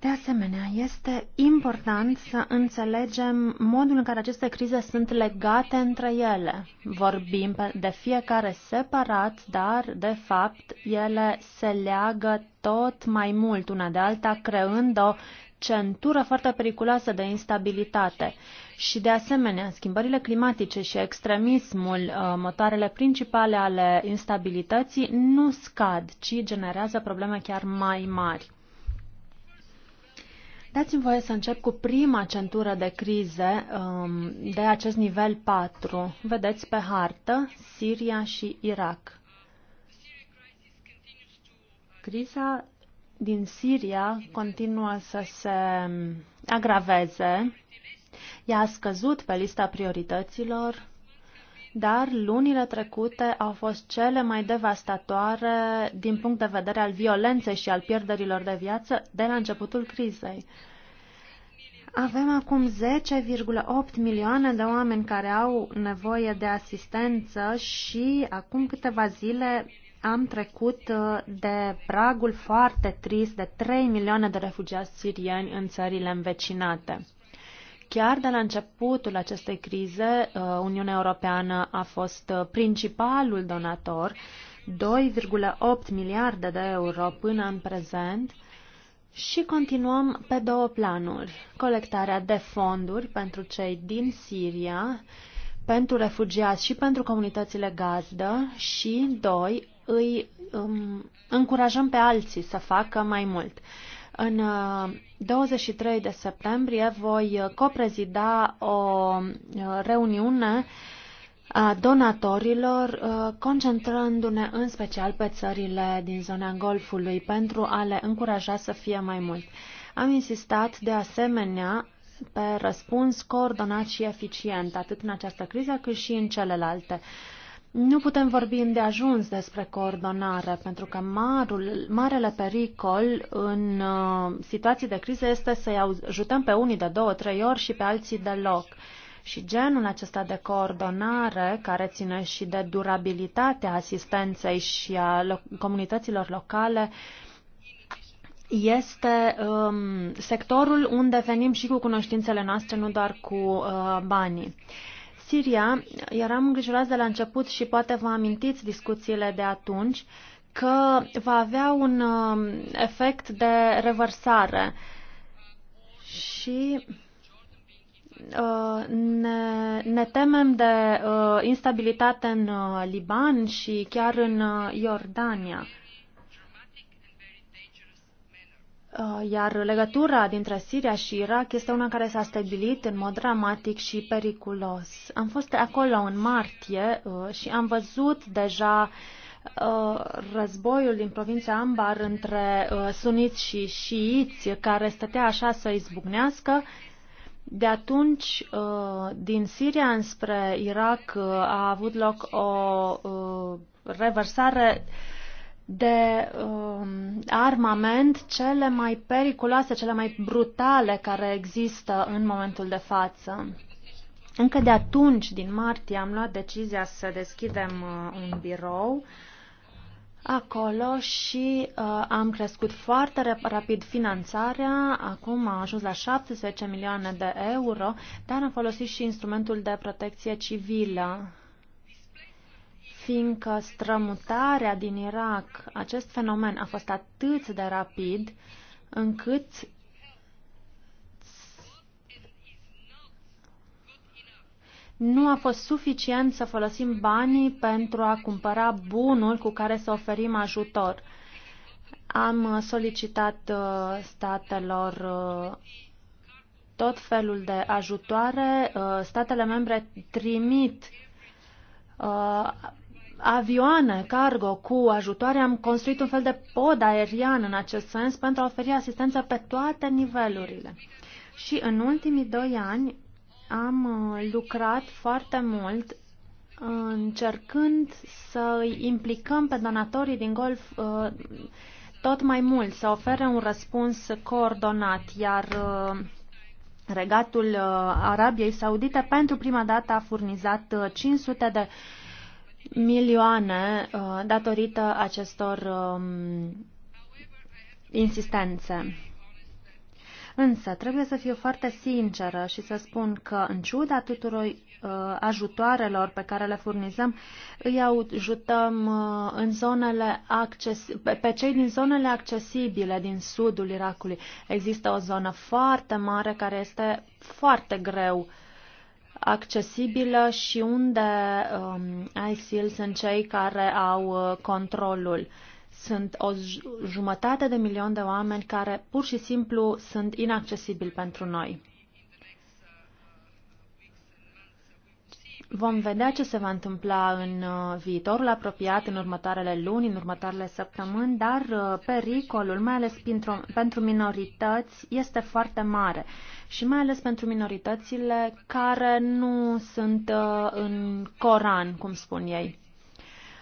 De asemenea, este important să înțelegem modul în care aceste crize sunt legate între ele. Vorbim de fiecare separat, dar, de fapt, ele se leagă tot mai mult una de alta, creând o centură foarte periculoasă de instabilitate. Și, de asemenea, schimbările climatice și extremismul, uh, motoarele principale ale instabilității, nu scad, ci generează probleme chiar mai mari. Dați-mi voie să încep cu prima centură de crize um, de acest nivel 4. Vedeți pe hartă Siria și Irak. Criza din Siria continuă să se agraveze. Ea a scăzut pe lista priorităților dar lunile trecute au fost cele mai devastatoare din punct de vedere al violenței și al pierderilor de viață de la începutul crizei. Avem acum 10,8 milioane de oameni care au nevoie de asistență și acum câteva zile am trecut uh, de pragul foarte trist de 3 milioane de refugiați sirieni în țările învecinate. Chiar de la începutul acestei crize, uh, Uniunea Europeană a fost uh, principalul donator, 2,8 miliarde de euro până în prezent, și continuăm pe două planuri. Colectarea de fonduri pentru cei din Siria, pentru refugiați și pentru comunitățile gazdă și, doi, îi um, încurajăm pe alții să facă mai mult. În 23 uh, de septembrie voi coprezida o uh, reuniune a donatorilor, uh, concentrându-ne în special pe țările din zona Golfului pentru a le încuraja să fie mai mult. Am insistat de asemenea pe răspuns coordonat și eficient, atât în această criză cât și în celelalte. Uh, nu putem vorbi de ajuns despre coordonare, pentru că marul, marele pericol în uh, situații de criză este să-i ajutăm pe unii de două, trei ori și pe alții deloc. Și genul acesta de coordonare, care ține și de durabilitatea asistenței și a lo- comunităților locale, este um, sectorul unde venim și cu cunoștințele noastre, nu doar cu uh, banii. Uh, Siria, eram îngrijorați de la început și poate vă amintiți discuțiile de atunci că va avea un um, efect de revărsare și uh, ne, ne temem de uh, instabilitate în uh, Liban și chiar în Iordania. Uh, iar legătura dintre Siria și Irak este una care s-a stabilit în mod dramatic și periculos. Am fost acolo în martie uh, și am văzut deja uh, războiul din provincia Ambar între suniți și șiiți care stătea așa să izbucnească. De atunci, din Siria înspre Irak a avut loc o reversare de uh, armament cele mai periculoase, cele mai brutale care există în momentul de față. Încă de atunci, din martie, am luat decizia să deschidem uh, un birou acolo și uh, am crescut foarte rapid finanțarea. Acum a ajuns la 17 milioane de euro, dar am folosit și instrumentul de protecție civilă fiindcă strămutarea din Irak, acest fenomen a fost atât de rapid încât nu a fost suficient să folosim banii pentru a cumpăra bunul cu care să oferim ajutor. Am solicitat uh, statelor uh, tot felul de ajutoare. Uh, statele membre trimit avioane cargo cu ajutoare, am construit un fel de pod aerian în acest sens pentru a oferi asistență pe toate nivelurile. Și în ultimii doi ani am uh, lucrat foarte mult încercând să îi implicăm pe donatorii din golf uh, tot mai mult, să ofere un răspuns coordonat, iar uh, regatul Arabiei Saudite pentru prima dată a furnizat 500 de milioane uh, datorită acestor um, insistențe. Însă, trebuie să fiu foarte sinceră și să spun că, în ciuda tuturor uh, ajutoarelor pe care le furnizăm, îi ajutăm uh, în zonele acces pe, pe cei din zonele accesibile din sudul Irakului. Există o zonă foarte mare care este foarte greu uh, accesibilă și unde um, ISIL sunt cei care au uh, controlul. Sunt o jumătate de milion de oameni care pur și simplu sunt inaccesibili pentru noi. Vom vedea ce se va întâmpla în uh, viitorul apropiat, în următoarele luni, în următoarele săptămâni, dar uh, pericolul, mai ales pentru minorități, este foarte mare și mai ales pentru minoritățile care nu sunt uh, în Coran, cum spun ei.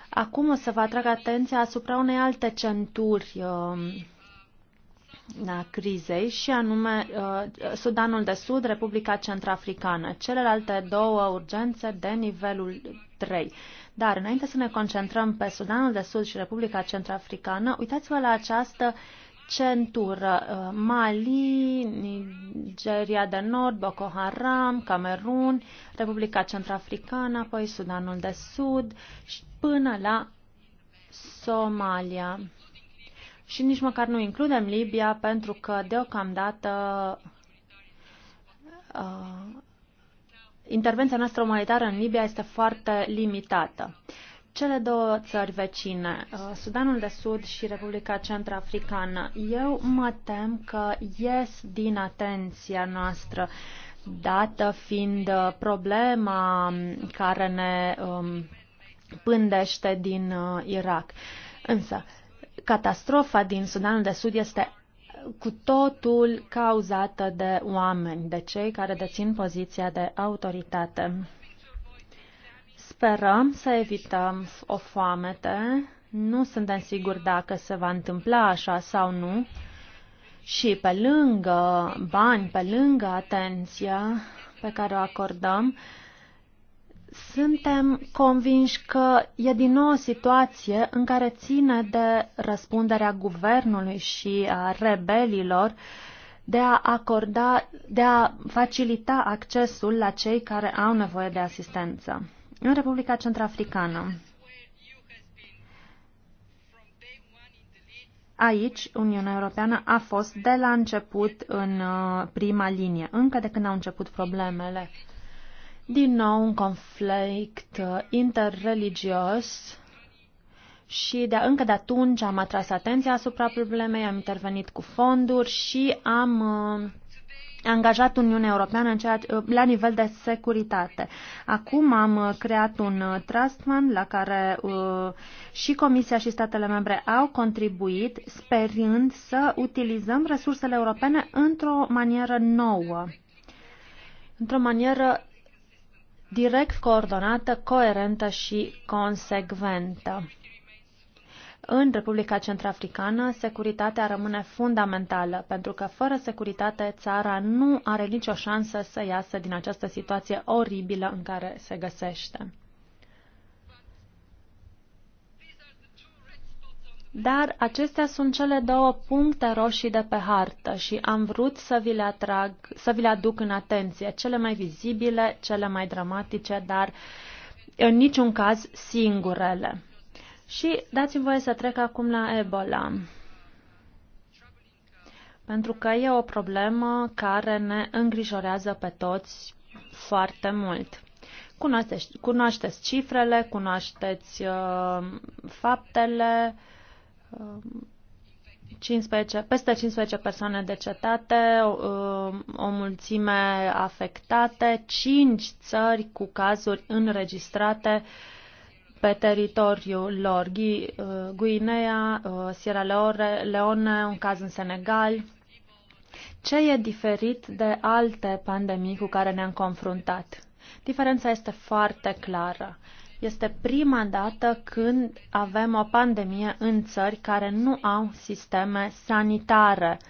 Acum o să vă atrag atenția asupra unei alte centuri um, a crizei și anume uh, Sudanul de Sud, Republica Centrafricană, celelalte două urgențe de nivelul 3. Dar înainte să ne concentrăm pe Sudanul de Sud și Republica Centrafricană, uitați-vă la această uh, centură uh, Mali, Nigeria de Nord, Boko Haram, Camerun, Republica Centrafricană, apoi Sudanul de Sud și până la Somalia. Și nici măcar nu includem Libia pentru că deocamdată uh, intervenția noastră umanitară în Libia este foarte limitată. Uh, cele două țări vecine, uh, Sudanul de Sud și Republica Centrafricană. Eu mă tem că ies din atenția noastră, dată fiind uh, problema um, care ne um, pândește din uh, Irak. Însă, catastrofa din Sudanul de Sud este cu totul cauzată de oameni, de cei care dețin poziția de autoritate. Sperăm să evităm o foamete. Nu suntem siguri dacă se va întâmpla așa sau nu. Și pe lângă bani, pe lângă atenția pe care o acordăm, suntem convinși că e din nou o situație în care ține de răspunderea guvernului și a rebelilor de a acorda, de a facilita accesul la cei care au nevoie de asistență în Republica Centrafricană. Aici, Uniunea Europeană a fost de la început în uh, prima linie, încă de când au început problemele. Din nou un conflict uh, interreligios și de, încă de atunci am atras atenția asupra problemei, am intervenit cu fonduri și am uh, angajat Uniunea Europeană în ceea, la nivel de securitate. Acum am uh, creat un uh, trust fund la care uh, și Comisia și statele membre au contribuit, sperând să utilizăm resursele europene într-o manieră nouă, într-o manieră direct coordonată, coerentă și consecventă. În Republica Centrafricană, securitatea rămâne fundamentală, pentru că fără securitate țara nu are nicio șansă să iasă din această situație oribilă în care se găsește. Dar acestea sunt cele două puncte roșii de pe hartă și am vrut să vi le, atrag, să vi le aduc în atenție, cele mai vizibile, cele mai dramatice, dar în niciun caz singurele. Și dați-mi voie să trec acum la Ebola. Pentru că e o problemă care ne îngrijorează pe toți foarte mult. Cunoașteți, cunoașteți cifrele, cunoașteți uh, faptele. Uh, 15, peste 15 persoane decetate, o, uh, o mulțime afectate, 5 țări cu cazuri înregistrate uh, pe teritoriul lor, uh, Guinea, uh, Sierra Leone, un caz în Senegal. Ce e diferit de alte pandemii cu care ne-am confruntat? Diferența este foarte clară. Este prima dată când avem o pandemie în țări care nu au sisteme sanitare. Uh,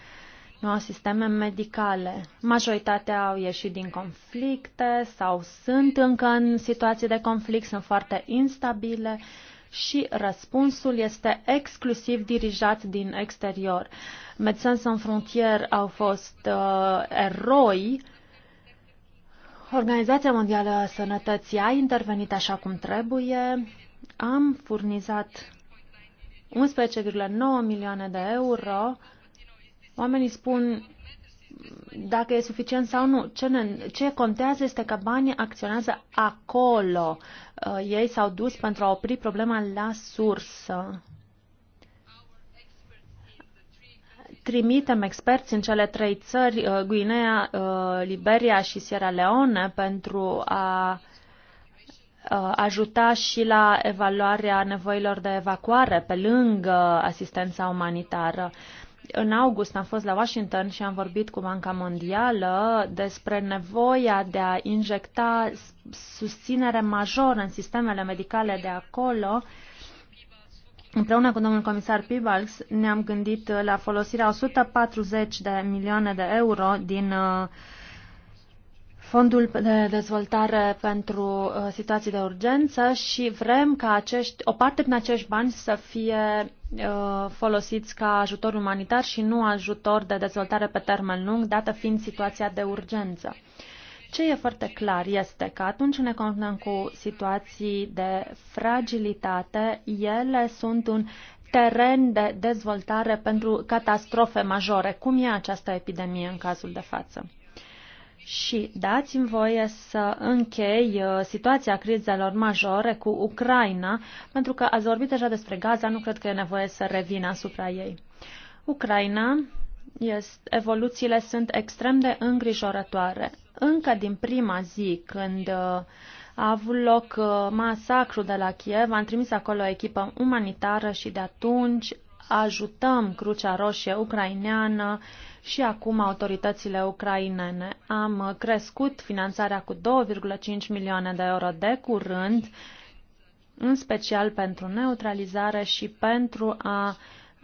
sisteme medicale. Majoritatea au ieșit din conflicte sau sunt încă în situații de conflict, sunt foarte instabile și răspunsul este exclusiv dirijat din exterior. Médecins Sans Frontier au fost uh, eroi. Organizația Mondială a Sănătății a intervenit așa cum trebuie. Am furnizat 11,9 milioane de euro Oamenii spun dacă e suficient sau nu. Ce, ne, ce contează este că banii acționează acolo. Uh, ei s-au dus pentru a opri problema la sursă. Trimitem experți în cele trei țări, uh, Guinea, uh, Liberia și Sierra Leone, pentru a uh, ajuta și la evaluarea nevoilor de evacuare pe lângă asistența umanitară. În august am fost la Washington și am vorbit cu Banca Mondială despre nevoia de a injecta susținere majoră în sistemele medicale de acolo. Împreună cu domnul comisar Pibals ne-am gândit la folosirea 140 de milioane de euro din uh, Fondul de dezvoltare pentru uh, situații de urgență și vrem ca acești, o parte din acești bani să fie uh, folosiți ca ajutor umanitar și nu ajutor de dezvoltare pe termen lung, dată fiind situația de urgență. Ce e foarte clar este că atunci ne confruntăm cu situații de fragilitate, ele sunt un teren de dezvoltare pentru catastrofe majore, cum e această epidemie în cazul de față. Și dați-mi voie să închei uh, situația crizelor majore cu Ucraina, pentru că ați vorbit deja despre Gaza, nu cred că e nevoie să revin asupra ei. Ucraina, este, evoluțiile sunt extrem de îngrijorătoare. Încă din prima zi, când uh, a avut loc uh, masacru de la Kiev, am trimis acolo o echipă umanitară și de atunci ajutăm Crucea Roșie ucraineană și acum autoritățile ucrainene. Am crescut finanțarea cu 2,5 milioane de euro de curând, în special pentru neutralizare și pentru a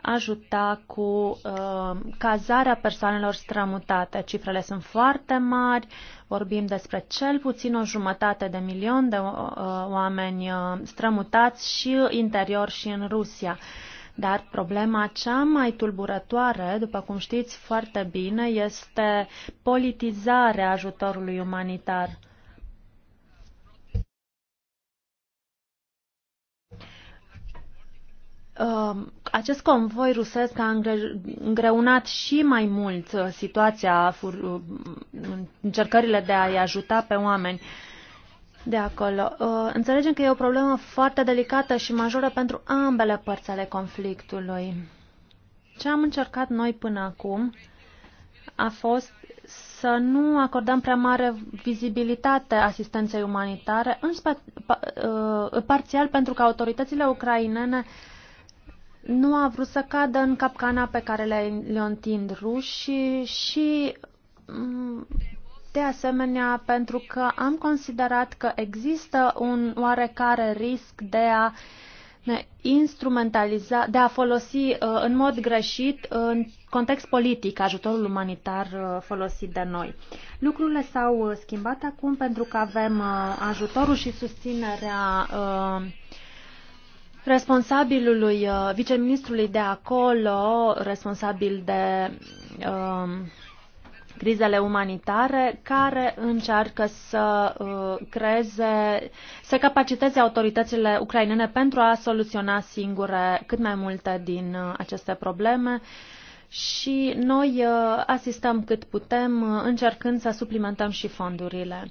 ajuta cu uh, cazarea persoanelor strămutate. Cifrele sunt foarte mari, vorbim despre cel puțin o jumătate de milion de uh, oameni uh, strămutați și interior și în Rusia. Dar problema cea mai tulburătoare, după cum știți foarte bine, este politizarea ajutorului umanitar. Um, acest convoi rusesc a îngreunat și mai mult situația, încercările de a-i ajuta pe oameni de acolo. Uh, înțelegem că e o problemă foarte delicată și majoră pentru ambele părți ale conflictului. Ce am încercat noi până acum a fost să nu acordăm prea mare vizibilitate asistenței umanitare, în pa, uh, parțial pentru că autoritățile ucrainene nu au vrut să cadă în capcana pe care le, le întind rușii și mm, de asemenea pentru că am considerat că există un oarecare risc de a ne instrumentaliza, de a folosi uh, în mod greșit în context politic ajutorul umanitar uh, folosit de noi. Lucrurile s-au uh, schimbat acum pentru că avem ajutorul și susținerea responsabilului, viceministrului de acolo, responsabil de crizele umanitare care încearcă să uh, creeze, să capaciteze autoritățile ucrainene pentru a soluționa singure cât mai multe din uh, aceste probleme și noi uh, asistăm cât putem încercând să suplimentăm și fondurile.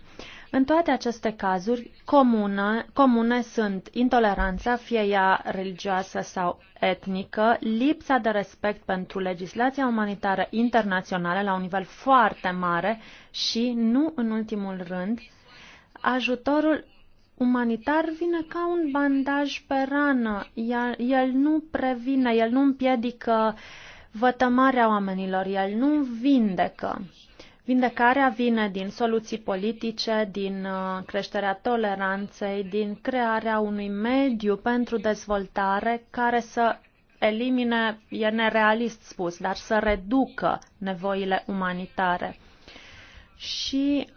În toate aceste cazuri, comune, comune sunt intoleranța, fie ea religioasă sau etnică, lipsa de respect pentru legislația umanitară internațională la un nivel foarte mare și, nu în ultimul rând, ajutorul umanitar vine ca un bandaj pe rană. El nu previne, el nu împiedică vătămarea oamenilor, el nu vindecă. Vindecarea vine din soluții politice, din uh, creșterea toleranței, din crearea unui mediu pentru dezvoltare care să elimine, e nerealist spus, dar să reducă nevoile umanitare. Și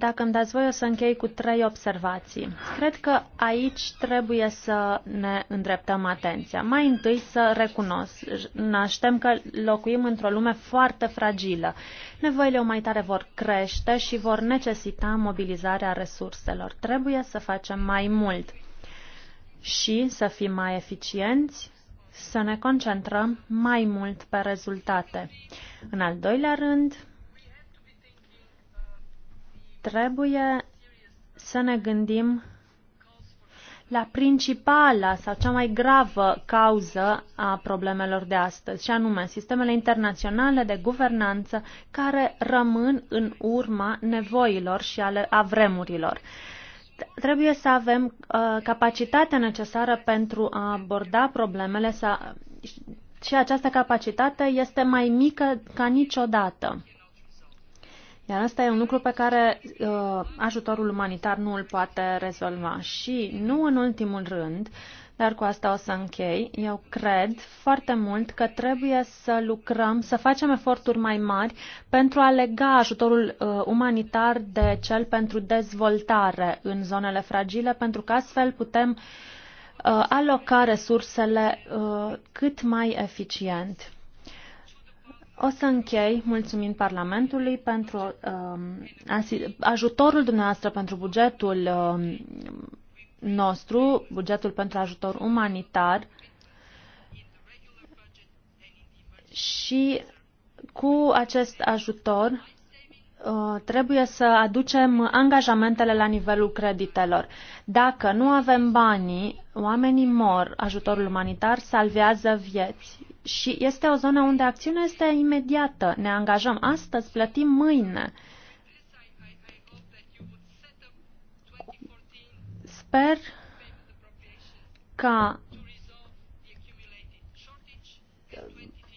dacă îmi dați voi, o să închei cu trei observații. Cred că aici trebuie să ne îndreptăm atenția. Mai întâi să recunoaștem că locuim într-o lume foarte fragilă. Nevoile umanitare vor crește și vor necesita mobilizarea resurselor. Trebuie să facem mai mult și să fim mai eficienți, să ne concentrăm mai mult pe rezultate. În al doilea rând, Trebuie să ne gândim la principala sau cea mai gravă cauză a problemelor de astăzi, și anume sistemele internaționale de guvernanță care rămân în urma nevoilor și ale avremurilor. Trebuie să avem uh, capacitatea necesară pentru a aborda problemele să, și această capacitate este mai mică ca niciodată. Iar asta e un lucru pe care uh, ajutorul umanitar nu îl poate rezolva. Și nu în ultimul rând, dar cu asta o să închei, eu cred foarte mult că trebuie să lucrăm, să facem eforturi mai mari pentru a lega ajutorul uh, umanitar de cel pentru dezvoltare în zonele fragile, pentru că astfel putem uh, aloca resursele uh, cât mai eficient. O să închei mulțumind Parlamentului pentru uh, ajutorul dumneavoastră pentru bugetul uh, nostru, bugetul pentru ajutor umanitar și cu acest ajutor uh, trebuie să aducem angajamentele la nivelul creditelor. Dacă nu avem banii, oamenii mor, ajutorul umanitar salvează vieți și este o zonă unde acțiunea este imediată. Ne angajăm astăzi, plătim mâine. Sper ca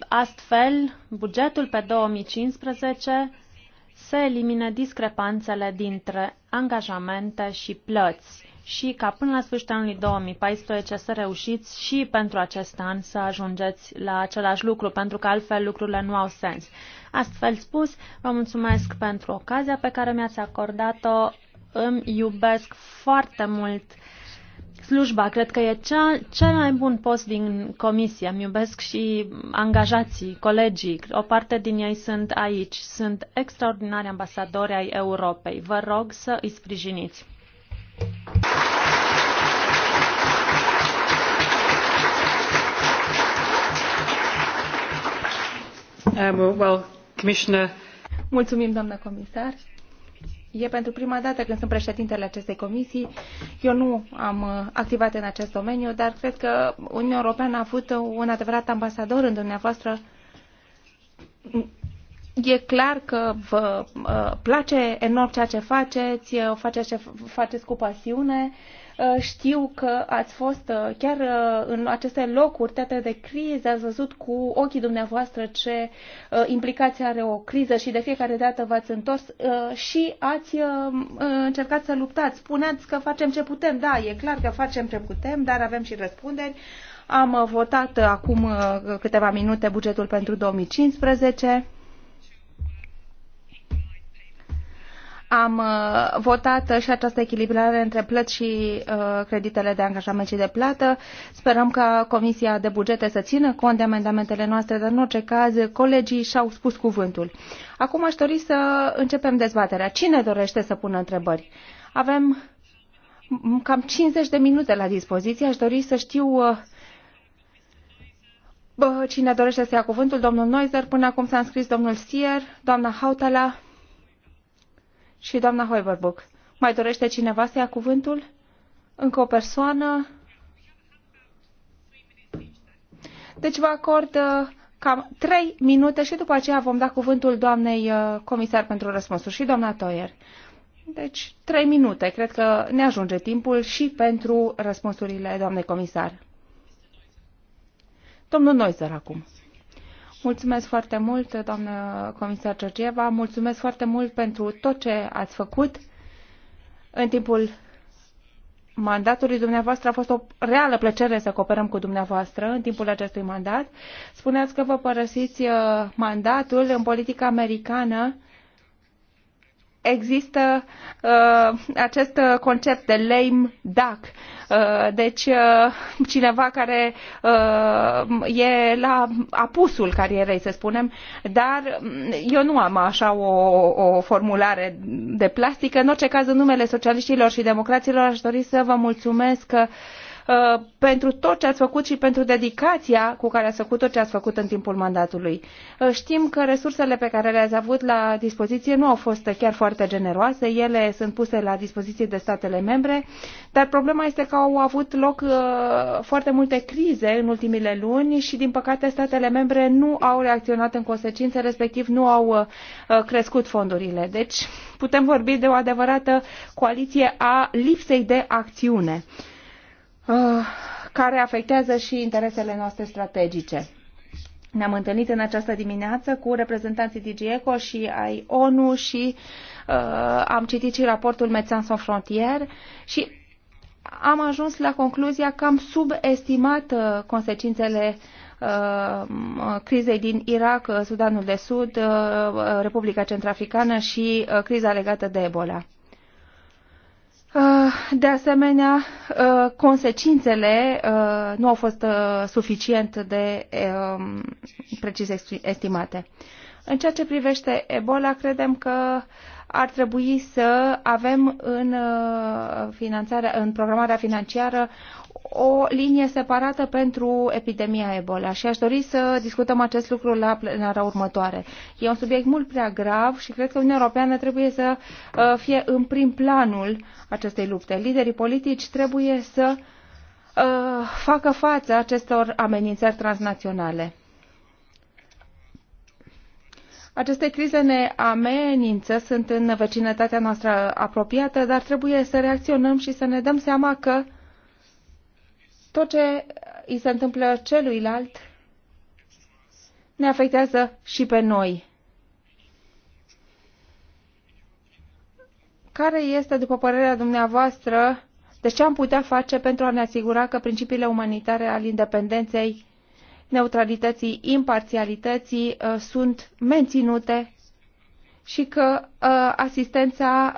astfel bugetul pe 2015 să elimine discrepanțele dintre angajamente și plăți și ca până la sfârșitul anului 2014 să reușiți și pentru acest an să ajungeți la același lucru, pentru că altfel lucrurile nu au sens. Astfel spus, vă mulțumesc pentru ocazia pe care mi-ați acordat-o. Îmi iubesc foarte mult slujba. Cred că e cea, cel mai bun post din comisie. Îmi iubesc și angajații, colegii. O parte din ei sunt aici. Sunt extraordinari ambasadori ai Europei. Vă rog să îi sprijiniți. Um, Mulțumim, doamnă comisar. E pentru prima dată când sunt președintele acestei comisii. Eu nu am uh, activat în acest domeniu, dar cred că Uniunea Europeană a avut un adevărat ambasador în dumneavoastră. E clar că vă uh, place enorm ceea ce faceți, o uh, faceți, faceți cu pasiune. și Uh, știu că ați fost uh, chiar uh, în aceste locuri, teatre de criză, ați văzut cu ochii dumneavoastră ce implicație are o criză și de fiecare dată v-ați întors și ați încercat să luptați. Spuneați că facem ce putem. Da, e clar că facem ce putem, dar avem și răspunderi. Am votat acum câteva minute bugetul pentru 2015 am uh, votat și această echilibrare între plăți și uh, creditele de angajament și de plată. Sperăm ca Comisia de Bugete să țină cont de amendamentele noastre, dar în orice caz colegii și-au spus cuvântul. Acum aș dori să începem dezbaterea. Cine dorește să pună întrebări? Avem cam 50 de minute la dispoziție. Aș dori să știu uh, cine dorește să ia cuvântul. Domnul Noizer, până acum s-a înscris domnul Sier, doamna Hautala și doamna Hoiberbuck, Mai dorește cineva să ia cuvântul? Încă o persoană? Deci vă acord uh, cam trei minute și după aceea vom da cuvântul doamnei uh, comisar pentru răspunsuri și doamna Toier. Deci trei minute, cred că ne ajunge timpul și pentru răspunsurile doamnei comisar. Domnul Noizer acum. Mulțumesc foarte mult, doamnă comisar Georgieva. Mulțumesc foarte mult pentru tot ce ați făcut în timpul mandatului dumneavoastră. A fost o reală plăcere să cooperăm cu dumneavoastră în timpul acestui mandat. Spuneați că vă părăsiți uh, mandatul în politica americană există uh, acest concept de lame duck. Uh, deci uh, cineva care uh, e la apusul carierei, să spunem, dar mm, eu nu am așa o, o formulare de plastică. În orice caz, în numele socialiștilor și democraților aș dori să vă mulțumesc că uh, Uh, pentru tot ce ați făcut și pentru dedicația cu care ați făcut tot ce ați făcut în timpul mandatului. Uh, știm că resursele pe care le-ați avut la dispoziție nu au fost chiar foarte generoase, ele sunt puse la dispoziție de statele membre, dar problema este că au avut loc uh, foarte multe crize în ultimile luni și, din păcate, statele membre nu au reacționat în consecință, respectiv nu au crescut fondurile. Deci, putem vorbi de o adevărată coaliție a lipsei de acțiune. Uh, care afectează și interesele noastre strategice. Ne-am întâlnit în această dimineață cu reprezentanții DGECO și ai ONU și uh, am citit și raportul Médecins Sans Frontières și am ajuns la concluzia că am subestimat uh, consecințele uh, crizei din Irak, uh, Sudanul de Sud, uh, uh, Republica Centrafricană și uh, criza legată de Ebola. Uh, de asemenea, uh, consecințele uh, nu au fost suficient de um, precis estimate. În ceea ce privește Ebola, credem că ar trebui să avem în, finanțarea, în programarea financiară o linie separată pentru epidemia Ebola și aș dori să discutăm acest lucru la plenara următoare. E un subiect mult prea grav și cred că Uniunea Europeană trebuie să uh, fie în prim planul acestei lupte. Liderii politici trebuie să uh, facă față acestor amenințări transnaționale. Aceste crize ne amenință, sunt în vecinătatea noastră apropiată, dar trebuie să reacționăm și să ne dăm seama că uh, tot ce îi se întâmplă celuilalt ne afectează și pe noi. Care este, după părerea dumneavoastră, de deci ce am putea face pentru a ne asigura că principiile umanitare al independenței, neutralității, imparțialității uh, sunt menținute și că uh, asistența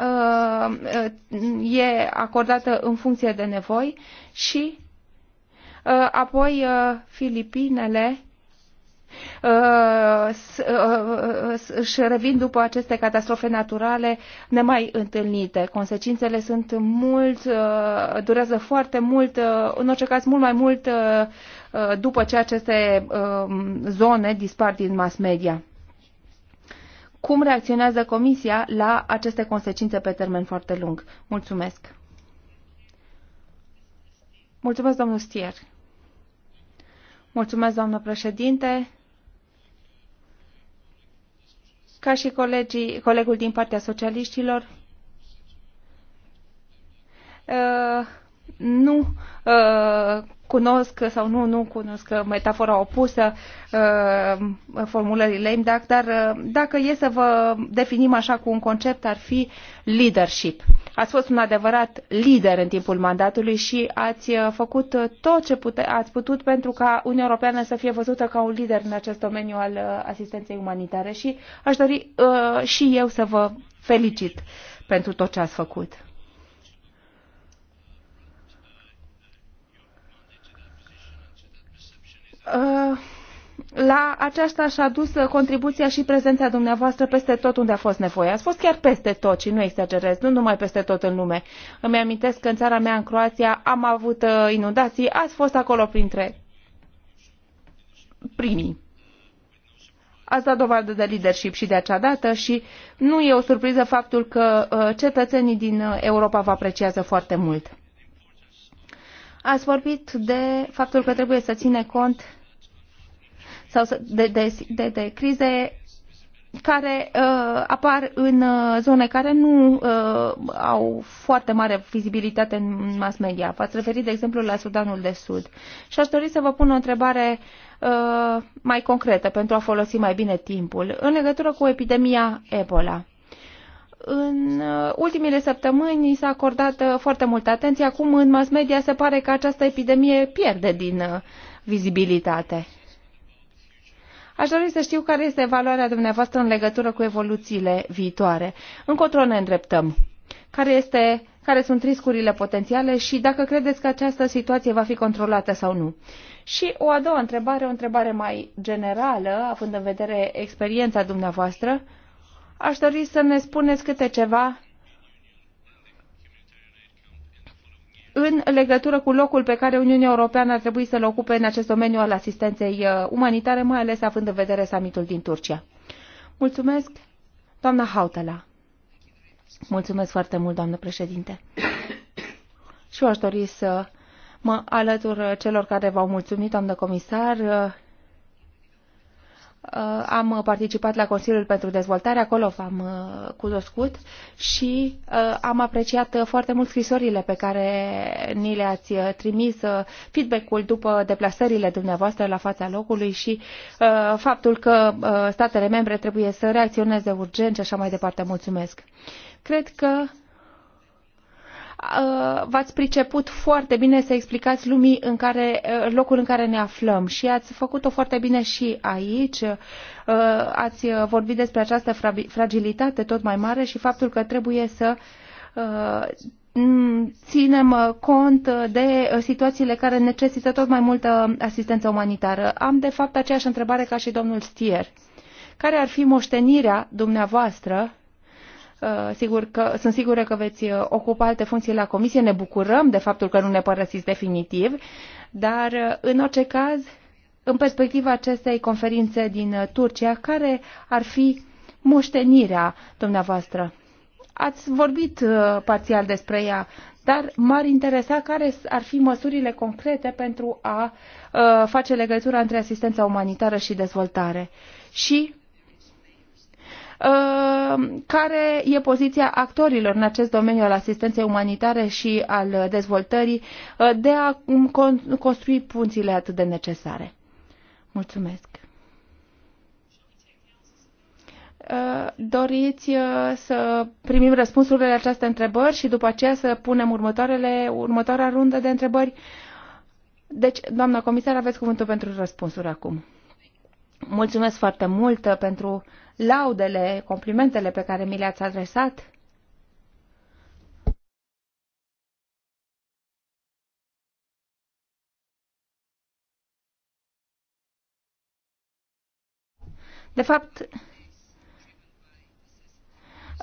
uh, uh, e acordată în funcție de nevoi și Uh, apoi uh, Filipinele uh, își revin după aceste catastrofe naturale nemai întâlnite. Consecințele sunt mult, durează foarte mult, în orice caz mult mai mult după ce aceste um, zone dispar din mass media. Cum reacționează Comisia la aceste consecințe pe termen foarte lung? Mulțumesc! Mulțumesc, domnul Stier! Mulțumesc, doamnă președinte. Ca și colegii, colegul din partea socialiștilor, uh, nu uh, cunosc sau nu, nu cunosc metafora opusă uh, formulării lame duck, dar uh, dacă e să vă definim așa cu un concept, ar fi leadership. Ați fost un adevărat lider în timpul mandatului și ați uh, făcut tot ce pute- ați putut pentru ca Uniunea Europeană să fie văzută ca un lider în acest domeniu al uh, asistenței umanitare și aș dori uh, și eu să vă felicit pentru tot ce ați făcut. Uh, la aceasta și-a dus uh, contribuția și prezența dumneavoastră peste tot unde a fost nevoie. Ați fost chiar peste tot și nu exagerez, nu numai peste tot în lume. Îmi amintesc că în țara mea, în Croația, am avut uh, inundații, ați fost acolo printre primii. Ați dat dovadă de leadership și de acea dată și nu e o surpriză faptul că cetățenii din Europa vă apreciază foarte mult. Ați vorbit de faptul că trebuie să ține cont sau de, de, de, de crize care uh, apar în uh, zone care nu uh, au foarte mare vizibilitate în mass media. V-ați referit, de exemplu, la Sudanul de Sud. Și aș dori să vă pun o întrebare uh, mai concretă pentru a folosi mai bine timpul în legătură cu epidemia Ebola în uh, ultimile săptămâni s-a acordat uh, foarte multă atenție. Acum în mass media se pare că această epidemie pierde din uh, vizibilitate. Aș dori să știu care este valoarea dumneavoastră în legătură cu evoluțiile viitoare. Încotro ne îndreptăm. Care, este, care sunt riscurile potențiale și dacă credeți că această situație va fi controlată sau nu. Și o a doua întrebare, o întrebare mai generală, având în vedere experiența dumneavoastră, uh, Aș dori să ne spuneți câte ceva în legătură cu locul pe care Uniunea Europeană ar trebui să-l ocupe în acest domeniu al asistenței uh, umanitare, mai ales având în vedere summitul din Turcia. Mulțumesc, doamna Hautala. Mulțumesc foarte mult, doamnă președinte. Și eu aș dori să mă alătur celor care v-au mulțumit, doamnă comisar, uh, Uh, am participat la Consiliul pentru Dezvoltare, acolo v-am uh, cunoscut și uh, am apreciat foarte mult scrisorile pe care ni le-ați trimis, feedback-ul după deplasările dumneavoastră la fața locului și faptul că statele membre trebuie să reacționeze urgent și așa mai departe. Mulțumesc! Cred că Uh, v-ați priceput foarte bine să explicați lumii în care, uh, locul în care ne aflăm și ați făcut-o foarte bine și aici. Uh, ați vorbit despre această fragilitate tot mai mare și faptul că trebuie să ținem cont de situațiile care necesită tot mai multă asistență umanitară. Am, de fapt, aceeași întrebare ca și domnul Stier. Care ar fi moștenirea dumneavoastră Uh, sigur că, sunt sigură că veți uh, ocupa alte funcții la comisie. Ne bucurăm de faptul că nu ne părăsiți definitiv, dar uh, în orice caz, în perspectiva acestei conferințe din Turcia, care ar fi moștenirea dumneavoastră? Ați vorbit parțial despre ea, dar m-ar interesa care ar fi măsurile concrete pentru a uh, face legătura între asistența umanitară și dezvoltare. Și Uh, care e poziția actorilor în acest domeniu al asistenței umanitare și al dezvoltării uh, de a um, construi punțile atât de necesare. Mulțumesc. Uh, doriți să primim răspunsurile la aceste întrebări și după aceea să punem următoarele, următoarea rundă de întrebări? Deci, doamna comisar, aveți cuvântul pentru răspunsuri acum. Mulțumesc foarte mult pentru uh, laudele, complimentele pe care mi le-ați adresat. De fapt,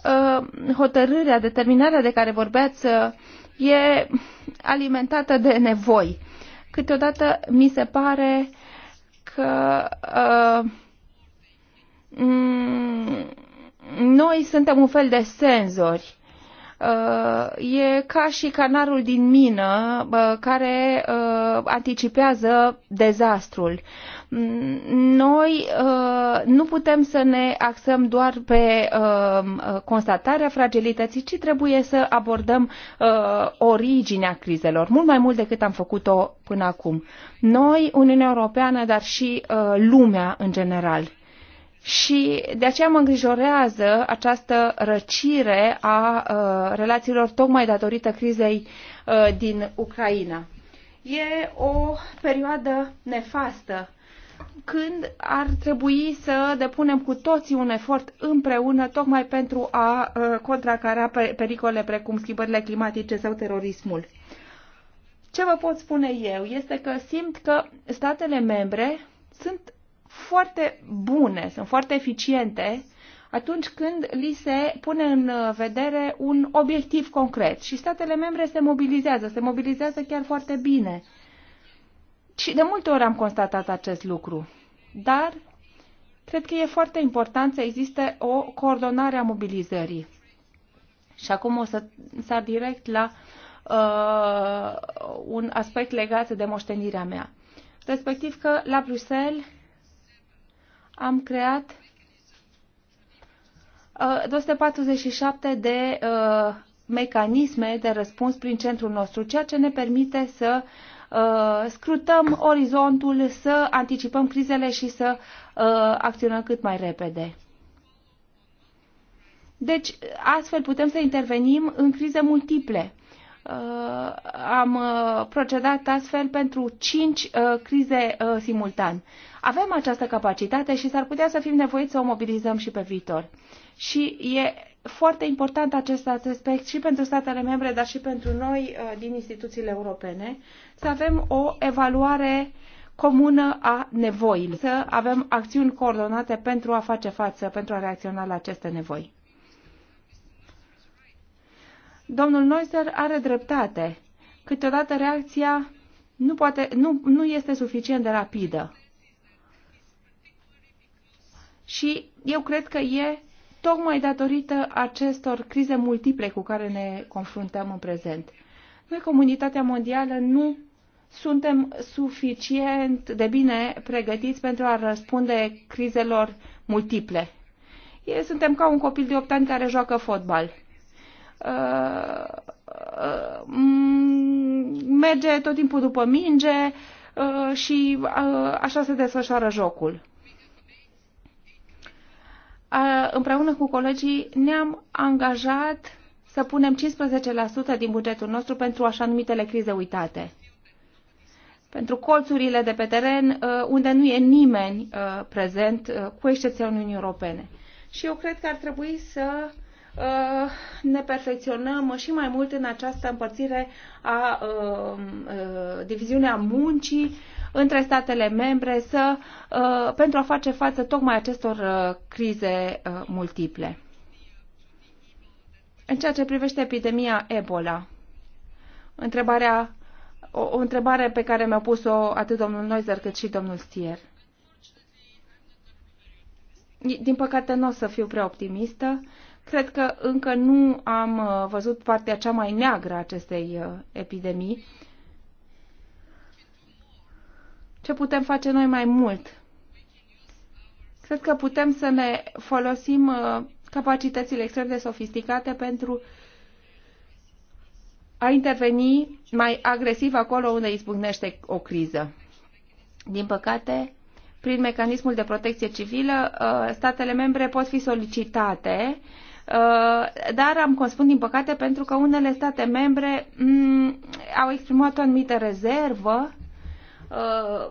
uh, hotărârea, determinarea de care vorbeați uh, e alimentată de nevoi. Câteodată mi se pare că uh, Mm, noi suntem un fel de senzori. Uh, e ca și canarul din mină uh, care uh, anticipează dezastrul. Mm, noi nu putem să ne axăm doar pe constatarea fragilității, ci trebuie să abordăm originea crizelor, mult mai mult decât am făcut-o până acum. Noi, Uniunea Europeană, dar și lumea în general și de aceea mă îngrijorează această răcire a uh, relațiilor tocmai datorită crizei uh, din Ucraina. E o perioadă nefastă când ar trebui să depunem cu toții un efort împreună tocmai pentru a uh, contracara pericole precum schimbările climatice sau terorismul. Ce vă pot spune eu este că simt că statele membre sunt foarte bune, sunt foarte eficiente atunci când li se pune în vedere un obiectiv concret. Și statele membre se mobilizează, se mobilizează chiar foarte bine. Și de multe ori am constatat acest lucru. Dar cred că e foarte important să existe o coordonare a mobilizării. Și acum o să sar direct la uh, un aspect legat de moștenirea mea. Respectiv că la Bruxelles am creat 247 uh, de uh, mecanisme de răspuns prin centrul nostru, ceea ce ne permite să uh, scrutăm orizontul, să anticipăm crizele și să acționăm cât mai repede. Deci, astfel putem să intervenim în crize multiple. Uh, am uh, procedat astfel pentru cinci uh, crize simultan. Avem această capacitate și s-ar putea să fim nevoiți să o mobilizăm și pe viitor. Și e foarte important acest aspect și pentru statele membre, dar și pentru noi din instituțiile europene, să avem o evaluare comună a nevoilor, să avem acțiuni coordonate pentru a face față, pentru a reacționa la aceste nevoi. Domnul Neusser are dreptate. Câteodată reacția nu, poate, nu, nu este suficient de rapidă. Și eu cred că e tocmai datorită acestor crize multiple cu care ne confruntăm în prezent. Noi, comunitatea mondială, nu suntem suficient de bine pregătiți pentru a răspunde crizelor multiple. suntem ca un copil de 8 ani care joacă fotbal. Uh, uh, uh, merge tot timpul după minge și așa se desfășoară jocul. Împreună cu colegii ne-am angajat să punem 15% din bugetul nostru pentru așa numitele crize uitate. Pentru colțurile de pe teren unde nu e nimeni prezent, cu excepția Uniunii Europene. Și eu cred că ar trebui să ne perfecționăm și mai mult în această împărțire a um, uh, diviziunea muncii între statele membre să, uh, pentru a face față tocmai acestor uh, crize multiple. În ceea ce privește epidemia Ebola, întrebarea, o, o întrebare pe care mi-a pus-o atât domnul Noizer cât și domnul Stier. Din păcate, nu o să fiu prea optimistă. Uh, Cred că încă nu am uh, văzut partea cea mai neagră a acestei uh, epidemii. Ce putem face noi mai mult? Cred că putem să ne folosim uh, capacitățile extrem de sofisticate pentru a interveni mai agresiv acolo unde izbucnește o criză. Din păcate, prin mecanismul de protecție civilă, statele membre pot fi solicitate uh, Uh, dar am spun din păcate pentru că unele state membre mm, au exprimat o anumită rezervă uh,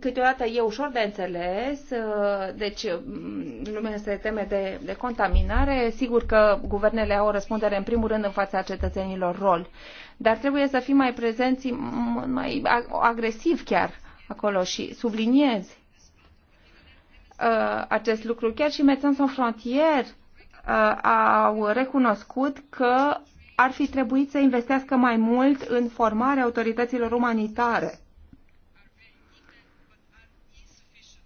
câteodată e ușor de înțeles, uh, deci mm, lumea se teme de, de contaminare. Sigur că guvernele au o răspundere în primul rând în fața cetățenilor rol, dar trebuie să fim mai prezenți, mm, mai agresiv chiar acolo și subliniez acest lucru. Chiar și Médecins Sans Frontières Uh, au recunoscut că ar fi trebuit să investească mai mult în formarea autorităților umanitare,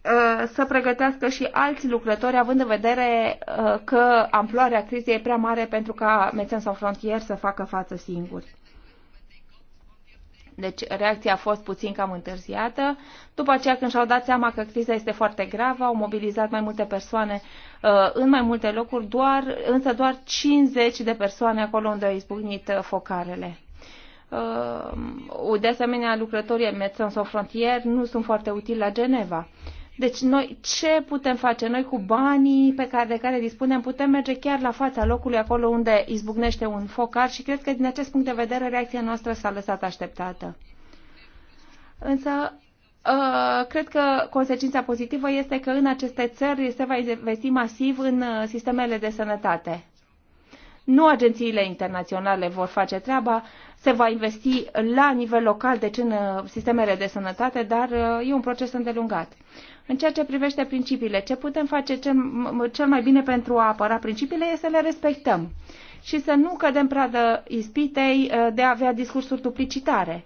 uh, să pregătească și alți lucrători, având în vedere uh, că amploarea crizei e prea mare pentru ca Mețen sau Frontier să facă față singuri. Deci reacția a fost puțin cam întârziată. După aceea, când și-au dat seama că criza este foarte gravă, au mobilizat mai multe persoane uh, în mai multe locuri, doar, însă doar 50 de persoane acolo unde au izbucnit uh, focarele. Uh, de asemenea, lucrătorii Médecins Sans Frontières nu sunt foarte utili la Geneva. Uh, deci noi ce putem face? Noi cu banii pe care, de care dispunem putem merge chiar la fața locului, acolo unde izbucnește un focar și cred că din acest punct de vedere reacția noastră s-a lăsat așteptată. Însă uh, cred că consecința pozitivă este că în aceste țări se va investi masiv în uh, sistemele de sănătate. Nu agențiile internaționale vor face treaba, se va investi la nivel local, deci în uh, sistemele de sănătate, dar e un proces îndelungat. În ceea ce privește principiile, ce putem face cel, cel mai bine pentru a apăra principiile este să le respectăm și să nu cădem pradă ispitei uh, de a avea discursuri duplicitare.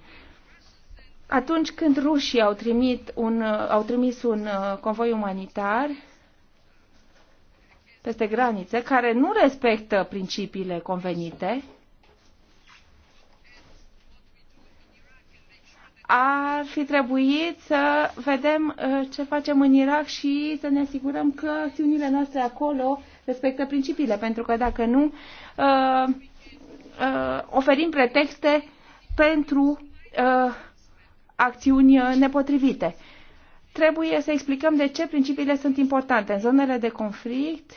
Atunci când rușii au, trimit un, uh, au trimis un uh, convoi umanitar peste granițe, care nu respectă principiile convenite, ar fi trebuit să vedem uh, ce facem în Irak și să ne asigurăm că acțiunile noastre acolo respectă principiile, pentru că dacă nu, uh, uh, oferim pretexte pentru acțiuni nepotrivite. Trebuie să explicăm de ce principiile sunt importante. În zonele de conflict,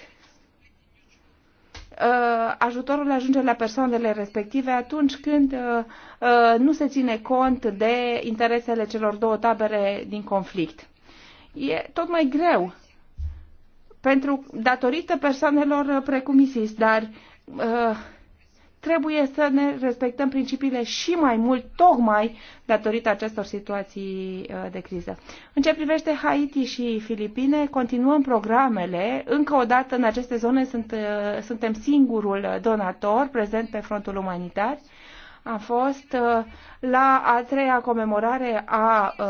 Uh, ajutorul ajunge la persoanele respective atunci când uh, uh, nu se ține cont de interesele celor două tabere din conflict. E tot mai greu pentru datorită persoanelor precum ISIS, dar uh, trebuie să ne respectăm principiile și mai mult, tocmai datorită acestor situații uh, de criză. În ce privește Haiti și Filipine, continuăm programele. Încă o dată, în aceste zone sunt, uh, suntem singurul donator prezent pe frontul umanitar. Am fost uh, la a treia comemorare a, a,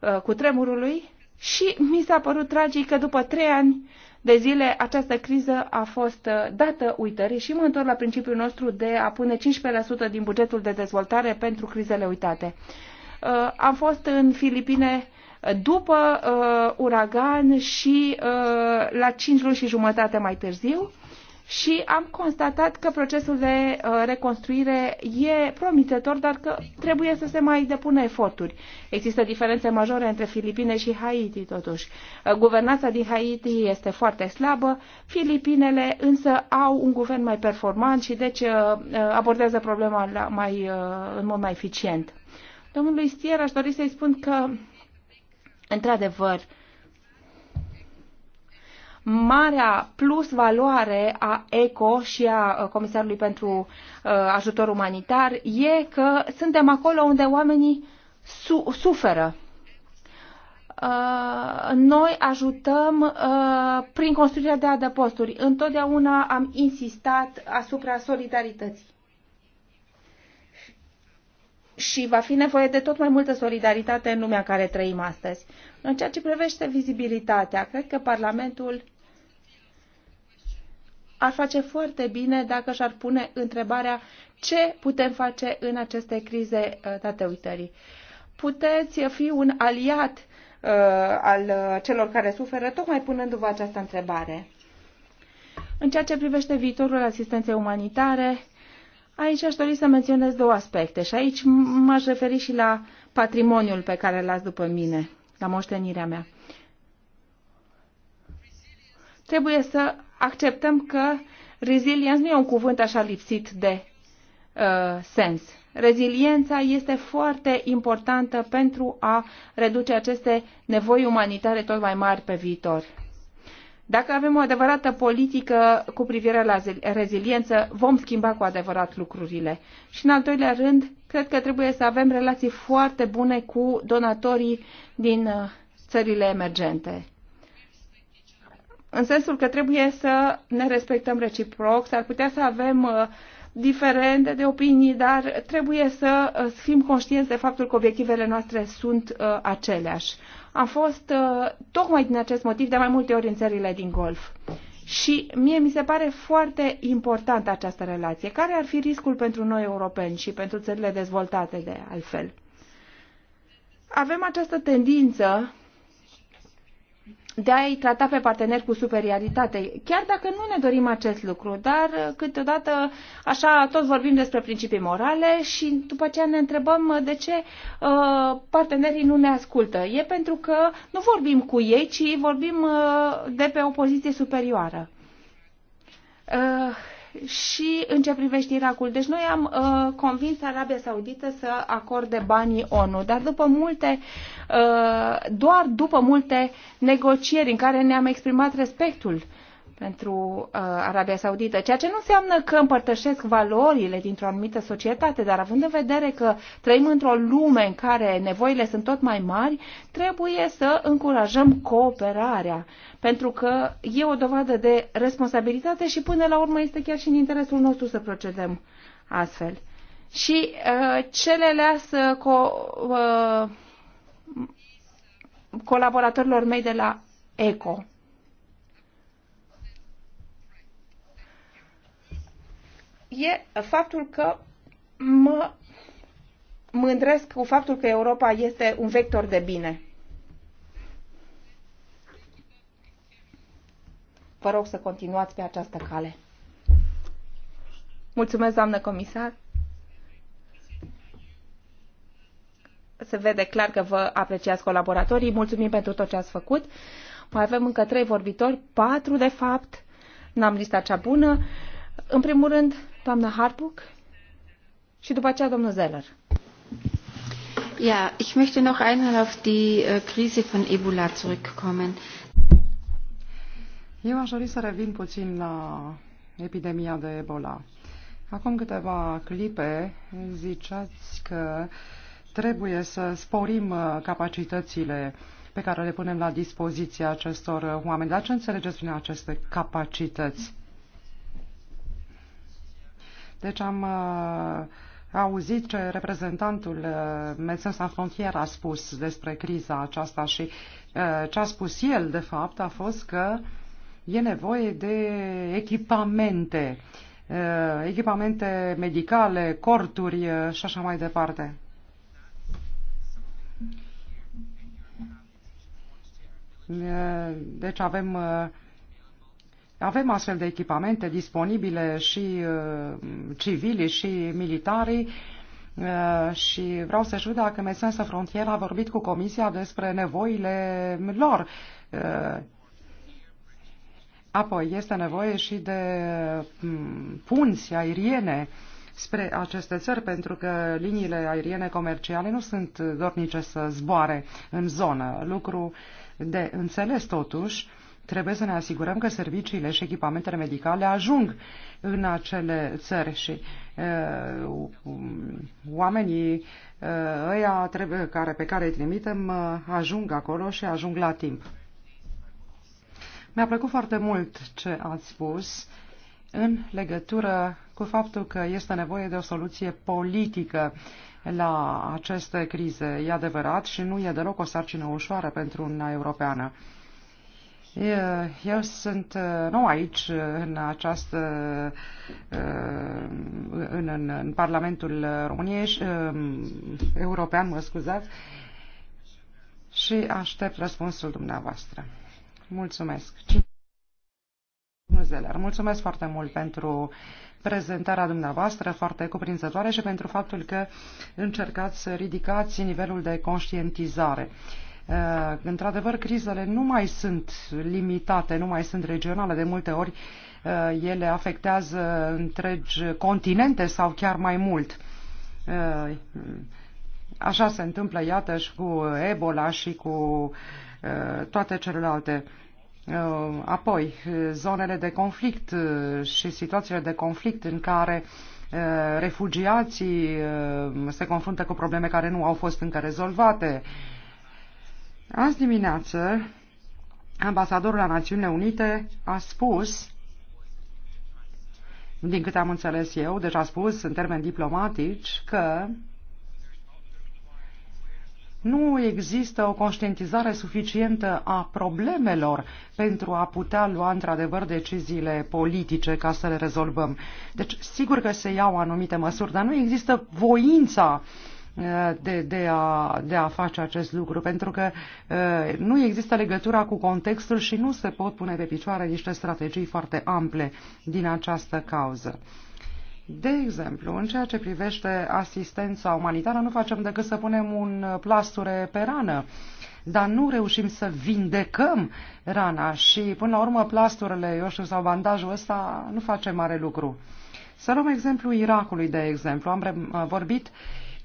a cutremurului și mi s-a părut tragic că după trei ani de zile această criză a fost uh, dată uitării și mă întorc la principiul nostru de a pune 15% din bugetul de dezvoltare pentru crizele uitate. Uh, am fost în Filipine uh, după uh, uragan și uh, la 5 luni și jumătate mai târziu și am constatat că procesul de uh, reconstruire e promițător, dar că trebuie să se mai depună eforturi. Există diferențe majore între Filipine și Haiti, totuși. Uh, guvernanța din Haiti este foarte slabă, Filipinele însă au un guvern mai performant și deci uh, abordează problema la mai, în mod mai eficient. Domnului Stier aș dori să-i spun că, într-adevăr, marea plus valoare a ECO și a uh, Comisarului pentru uh, Ajutor Umanitar e că suntem acolo unde oamenii su- suferă uh, noi ajutăm prin construirea de adăposturi. Întotdeauna am insistat asupra solidarității. Și va fi nevoie de tot mai multă solidaritate în lumea în care trăim astăzi. În ceea ce privește vizibilitatea, cred că Parlamentul ar face foarte bine dacă și-ar pune întrebarea ce putem face în aceste crize ă, date uitării. Puteți fi un aliat ă, al celor care suferă, tocmai punându-vă această întrebare. În ceea ce privește viitorul asistenței umanitare, aici aș dori să menționez două aspecte și aici m-aș referi și la patrimoniul pe care l-ați după mine, la moștenirea mea. Trebuie să acceptăm că reziliență nu e un cuvânt așa lipsit de uh, sens. Reziliența este foarte importantă pentru a reduce aceste nevoi umanitare tot mai mari pe viitor. Dacă avem o adevărată politică cu privire la reziliență, vom schimba cu adevărat lucrurile. Și în al doilea rând, cred că trebuie să avem relații foarte bune cu donatorii din uh, țările emergente în sensul că trebuie să ne respectăm reciproc, s-ar putea să avem uh, diferente de opinii, dar trebuie să uh, fim conștienți de faptul că obiectivele noastre sunt uh, aceleași. Am fost tocmai din acest motiv de mai multe ori în țările din Golf. Și mie mi se pare foarte importantă această relație. Care ar fi riscul pentru noi europeni și pentru țările dezvoltate de altfel? Avem această tendință de a-i trata pe parteneri cu superioritate, chiar dacă nu ne dorim acest lucru, dar uh, câteodată așa tot vorbim despre principii morale și după aceea ne întrebăm uh, de ce uh, partenerii nu ne ascultă. E pentru că nu vorbim cu ei, ci vorbim uh, de pe o poziție superioară. Uh, și în ce privește Irakul. Deci noi am uh, convins Arabia Saudită să acorde banii ONU, dar după multe, uh, doar după multe negocieri în care ne-am exprimat respectul uh, pentru uh, Arabia Saudită, ceea ce nu înseamnă că împărtășesc valorile dintr-o anumită societate, dar având în vedere că trăim într-o lume în care nevoile sunt tot mai mari, trebuie să încurajăm cooperarea, pentru că e o dovadă de responsabilitate și până la urmă este chiar și în interesul nostru să procedăm astfel. Și uh, celelalte co- uh, colaboratorilor mei de la ECO e faptul că mă mândresc cu faptul că Europa este un vector de bine. Vă rog să continuați pe această cale. Mulțumesc, doamnă comisar. Se vede clar că vă apreciați colaboratorii. Mulțumim pentru tot ce ați făcut. Mai avem încă trei vorbitori, patru de fapt. N-am lista cea bună. În primul rând, doamna Hartbuck și după aceea domnul Zeller. Ja, ich möchte noch einmal auf die äh, Krise von Ebola zurückkommen. Eu aș dori să revin puțin la epidemia de Ebola. Acum câteva clipe ziceați că trebuie să sporim uh, capacitățile pe care le punem la dispoziția acestor uh, oameni. Dar ce înțelegeți prin aceste capacități? Deci am uh, auzit ce reprezentantul uh, Medecins Sans Frontières a spus despre criza aceasta și uh, ce a spus el, de fapt, a fost că e nevoie de echipamente, uh, echipamente medicale, corturi uh, și așa mai departe. Uh, deci avem uh, avem astfel de echipamente disponibile și uh, civili și militarii uh, și vreau să știu dacă Mesensă să Frontier a vorbit cu Comisia despre nevoile lor. Uh, apoi este nevoie și de mm, punți aeriene spre aceste țări, pentru că liniile aeriene comerciale nu sunt dornice să zboare în zonă. Lucru de înțeles totuși Trebuie să ne asigurăm că serviciile și echipamentele medicale ajung în acele țări și uh, oamenii uh, ăia trebuie, care, pe care îi trimitem uh, ajung acolo și ajung la timp. Mi-a plăcut foarte mult ce ați spus în legătură cu faptul că este nevoie de o soluție politică la aceste crize. E adevărat și nu e deloc o sarcină ușoară pentru una Europeană. Eu sunt nou aici, în această, în, în, în Parlamentul României, european, mă scuzați, și aștept răspunsul dumneavoastră. Mulțumesc. Zeller, mulțumesc foarte mult pentru prezentarea dumneavoastră foarte cuprinzătoare și pentru faptul că încercați să ridicați nivelul de conștientizare. Uh, Uh, într-adevăr, crizele nu mai sunt limitate, nu mai sunt regionale. De multe ori uh, ele afectează întregi continente sau chiar mai mult. Uh, așa se întâmplă, iată, și cu Ebola și cu toate celelalte. Apoi, zonele de conflict și situațiile de conflict în care refugiații se confruntă cu probleme care nu au fost încă rezolvate Azi dimineață, ambasadorul la Națiunile Unite a spus, din câte am înțeles eu, deja a spus în termeni diplomatici, că nu există o conștientizare suficientă a problemelor pentru a putea lua într-adevăr deciziile politice ca să le rezolvăm. Deci, sigur că se iau anumite măsuri, dar nu există voința uh, de, de, a, de a face acest lucru, pentru că nu există legătura cu contextul și nu se pot pune pe picioare niște strategii foarte ample din această cauză. De exemplu, în ceea ce privește asistența umanitară, nu facem decât să punem un plasture pe rană, dar nu reușim să vindecăm rana și, până la urmă, plasturele, eu știu, sau bandajul ăsta nu face mare lucru. Să luăm exemplu Irakului, de exemplu. Am vorbit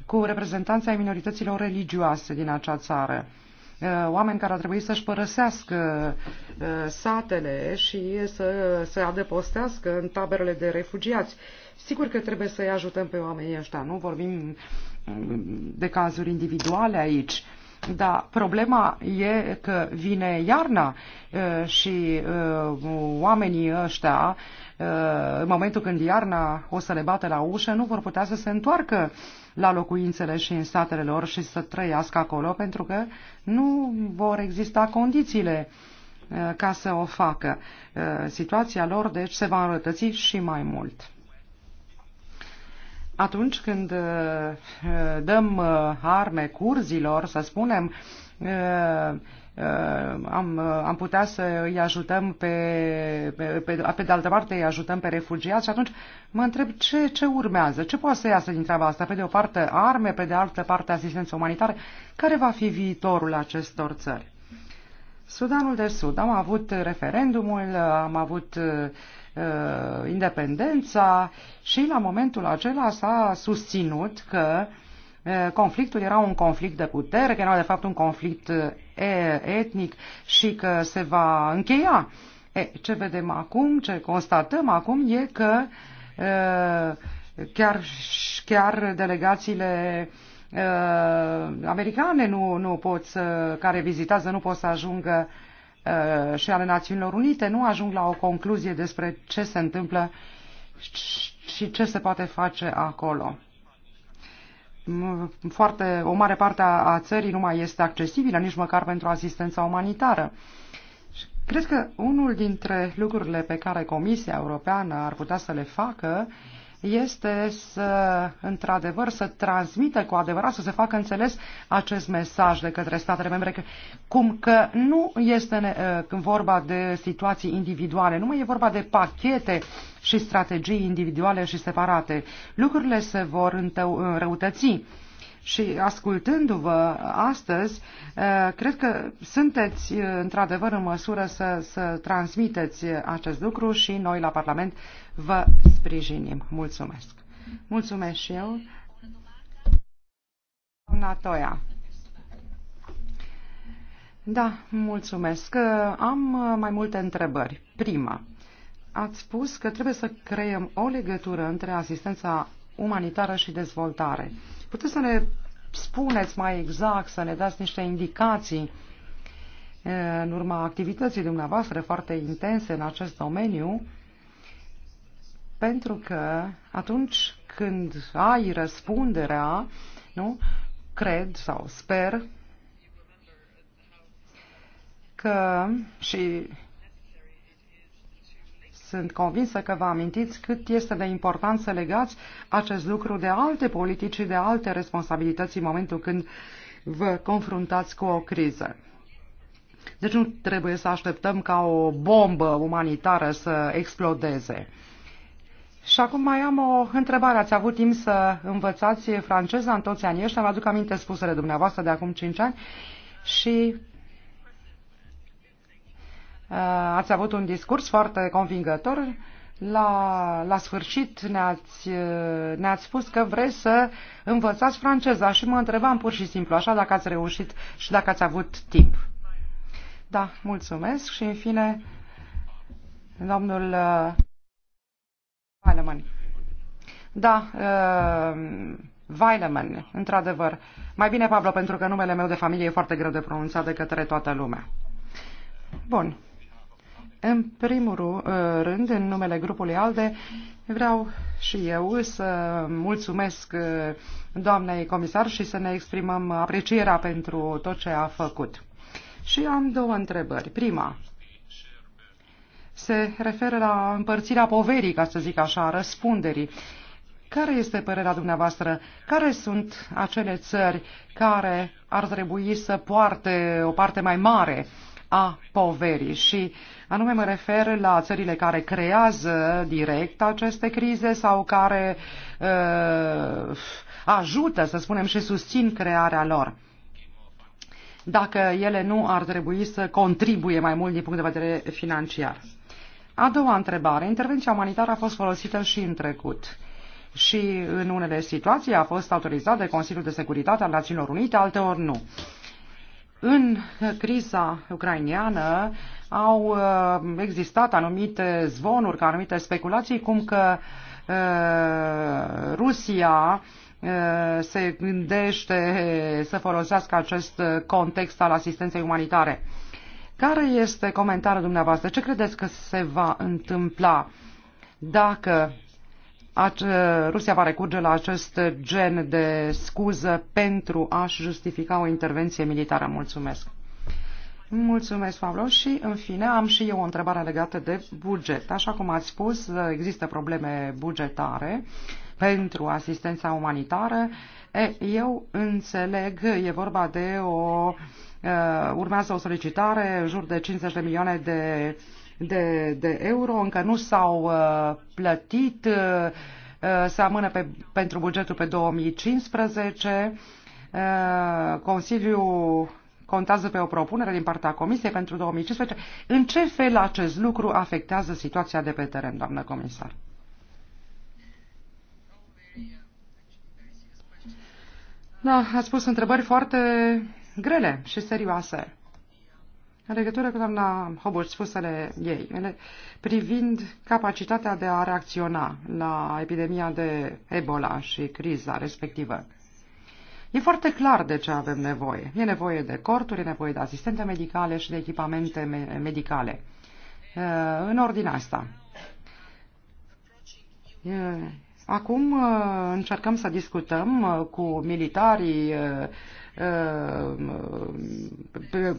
cu reprezentanța ai minorităților religioase din acea țară uh, oameni care ar trebui să-și părăsească uh, satele și să se adăpostească în taberele de refugiați. Sigur că trebuie să-i ajutăm pe oamenii ăștia, nu vorbim mm, de cazuri individuale aici, dar problema e că vine iarna uh, și oamenii ăștia, în momentul când iarna o să le bate la ușă, nu vor putea să se întoarcă la locuințele și în satele lor și să trăiască acolo, pentru că nu vor exista condițiile uh, ca să o facă. Uh, situația lor, deci, se va înrătăți și mai mult. Atunci când uh, dăm arme curzilor, să spunem, Uh, am, uh, am putea să îi ajutăm pe, pe, pe de altă parte îi ajutăm pe refugiați și atunci mă întreb ce, ce urmează, ce poate să iasă din treaba asta, pe de o parte arme, pe de altă parte asistență umanitară, care va fi viitorul acestor țări? Sudanul de Sud, am avut referendumul, am avut uh, uh independența și la momentul acela s-a susținut că uh, Eh, conflictul era un conflict de putere, că era de fapt un conflict eh, etnic și că se va încheia. E, ce vedem acum, ce constatăm acum e că eh, chiar, chiar delegațiile americane nu, nu pot să, care vizitează nu pot să ajungă și ale Națiunilor Unite nu ajung la o concluzie despre ce se întâmplă și ce se poate face acolo foarte, o mare parte a țării nu mai este accesibilă nici măcar pentru asistența umanitară. Cred că unul dintre lucrurile pe care Comisia Europeană ar putea să le facă uh, este să, într-adevăr, să transmită cu adevărat, să se facă înțeles acest mesaj de către statele membre, că, cum că nu este ă, când vorba de situații individuale, nu mai e vorba de pachete și strategii individuale și separate. Lucrurile se vor înrăutăți. Și ascultându-vă astăzi, eh, cred că sunteți eh, într-adevăr în măsură să, să transmiteți acest lucru și noi la Parlament vă sprijinim. Mulțumesc! Mulțumesc și eu! Doamna Toia. Da, mulțumesc. Eh, am mai multe întrebări. Prima, ați spus că trebuie să creăm o legătură între asistența umanitară și dezvoltare. Puteți să ne spuneți mai exact, să ne dați niște indicații în urma activității dumneavoastră foarte intense în acest domeniu, pentru că atunci când ai răspunderea, nu, cred sau sper că și sunt convinsă că vă amintiți cât este de important să legați acest lucru de alte politici și de alte responsabilități în momentul când vă confruntați cu o criză. Deci nu trebuie să așteptăm ca o bombă umanitară să explodeze. Și acum mai am o întrebare. Ați avut timp să învățați franceza în toți anii ăștia? Mă aduc aminte spusele dumneavoastră de acum 5 ani. Și Eh, ați avut un discurs foarte convingător. La, la sfârșit ne-ați, eh, ne-ați spus că vreți să învățați franceza și mă întrebam pur și simplu așa dacă ați reușit și dacă ați avut timp. Da, mulțumesc și în fine domnul eh, Weilemann. Da, uh, Weilemann, într-adevăr. Mai bine, Pablo, pentru că numele meu de familie e foarte greu de pronunțat de către toată lumea. Bun. În primul uh, rând, în numele grupului ALDE, vreau și eu să mulțumesc uh, doamnei comisar și să ne exprimăm aprecierea pentru tot ce a făcut. Și am două întrebări. Prima se referă la împărțirea poverii, ca să zic așa, a răspunderii. Care este părerea dumneavoastră? Care sunt acele țări care ar trebui să poarte o parte mai mare a poverii și anume mă refer la țările care creează direct aceste crize sau care uh, ajută, să spunem, și susțin crearea lor dacă ele nu ar trebui să contribuie mai mult din punct de vedere financiar. A doua întrebare. Intervenția umanitară a fost folosită și în trecut și în unele situații a fost autorizat de Consiliul de Securitate al Națiunilor Unite, alteori nu. În criza ucrainiană au uh, existat anumite zvonuri, ca anumite speculații, cum că uh, Rusia uh, se gândește să folosească acest context al asistenței umanitare. Care este comentariul dumneavoastră? Ce credeți că se va întâmpla dacă Rusia va recurge la acest gen de scuză pentru a-și justifica o intervenție militară. Mulțumesc! Mulțumesc, Pablo. Și, în fine, am și eu o întrebare legată de buget. Așa cum ați spus, există probleme bugetare pentru asistența umanitară. E, eu înțeleg, e vorba de o... Uh, urmează o solicitare în jur de 50 de milioane de uh, de, de euro, încă nu s-au uh, plătit, uh, uh, se amână pe, pentru bugetul pe 2015. Consiliul contează pe o propunere din partea Comisiei pentru 2015. În ce fel acest lucru afectează situația de pe teren, doamnă comisar? Da, a spus întrebări foarte grele și serioase în legătură cu doamna Hobart spusele ei, ele, privind capacitatea de a reacționa la epidemia de Ebola și criza respectivă. E foarte clar de ce avem nevoie. E nevoie de corturi, e nevoie de asistente medicale și de echipamente me medicale. În ordinea asta. Acum încercăm să discutăm cu militarii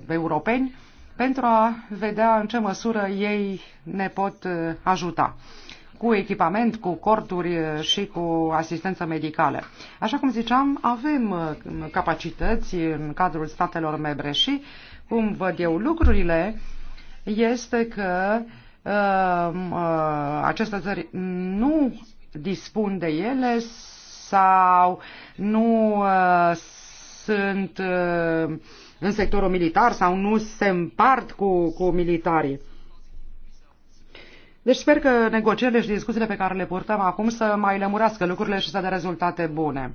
europeni pentru a vedea în ce măsură ei ne pot uh, ajuta cu echipament, cu corturi uh, și cu asistență medicală. Așa cum ziceam, avem uh, capacități în cadrul statelor membre și, cum văd eu lucrurile, este că uh, uh, aceste țări nu dispun de ele sau nu uh, sunt uh, în sectorul militar sau nu se împart cu, cu militarii. Deci sper că negocierile și discuțiile pe care le purtăm acum să mai lămurească lucrurile și să dea rezultate bune.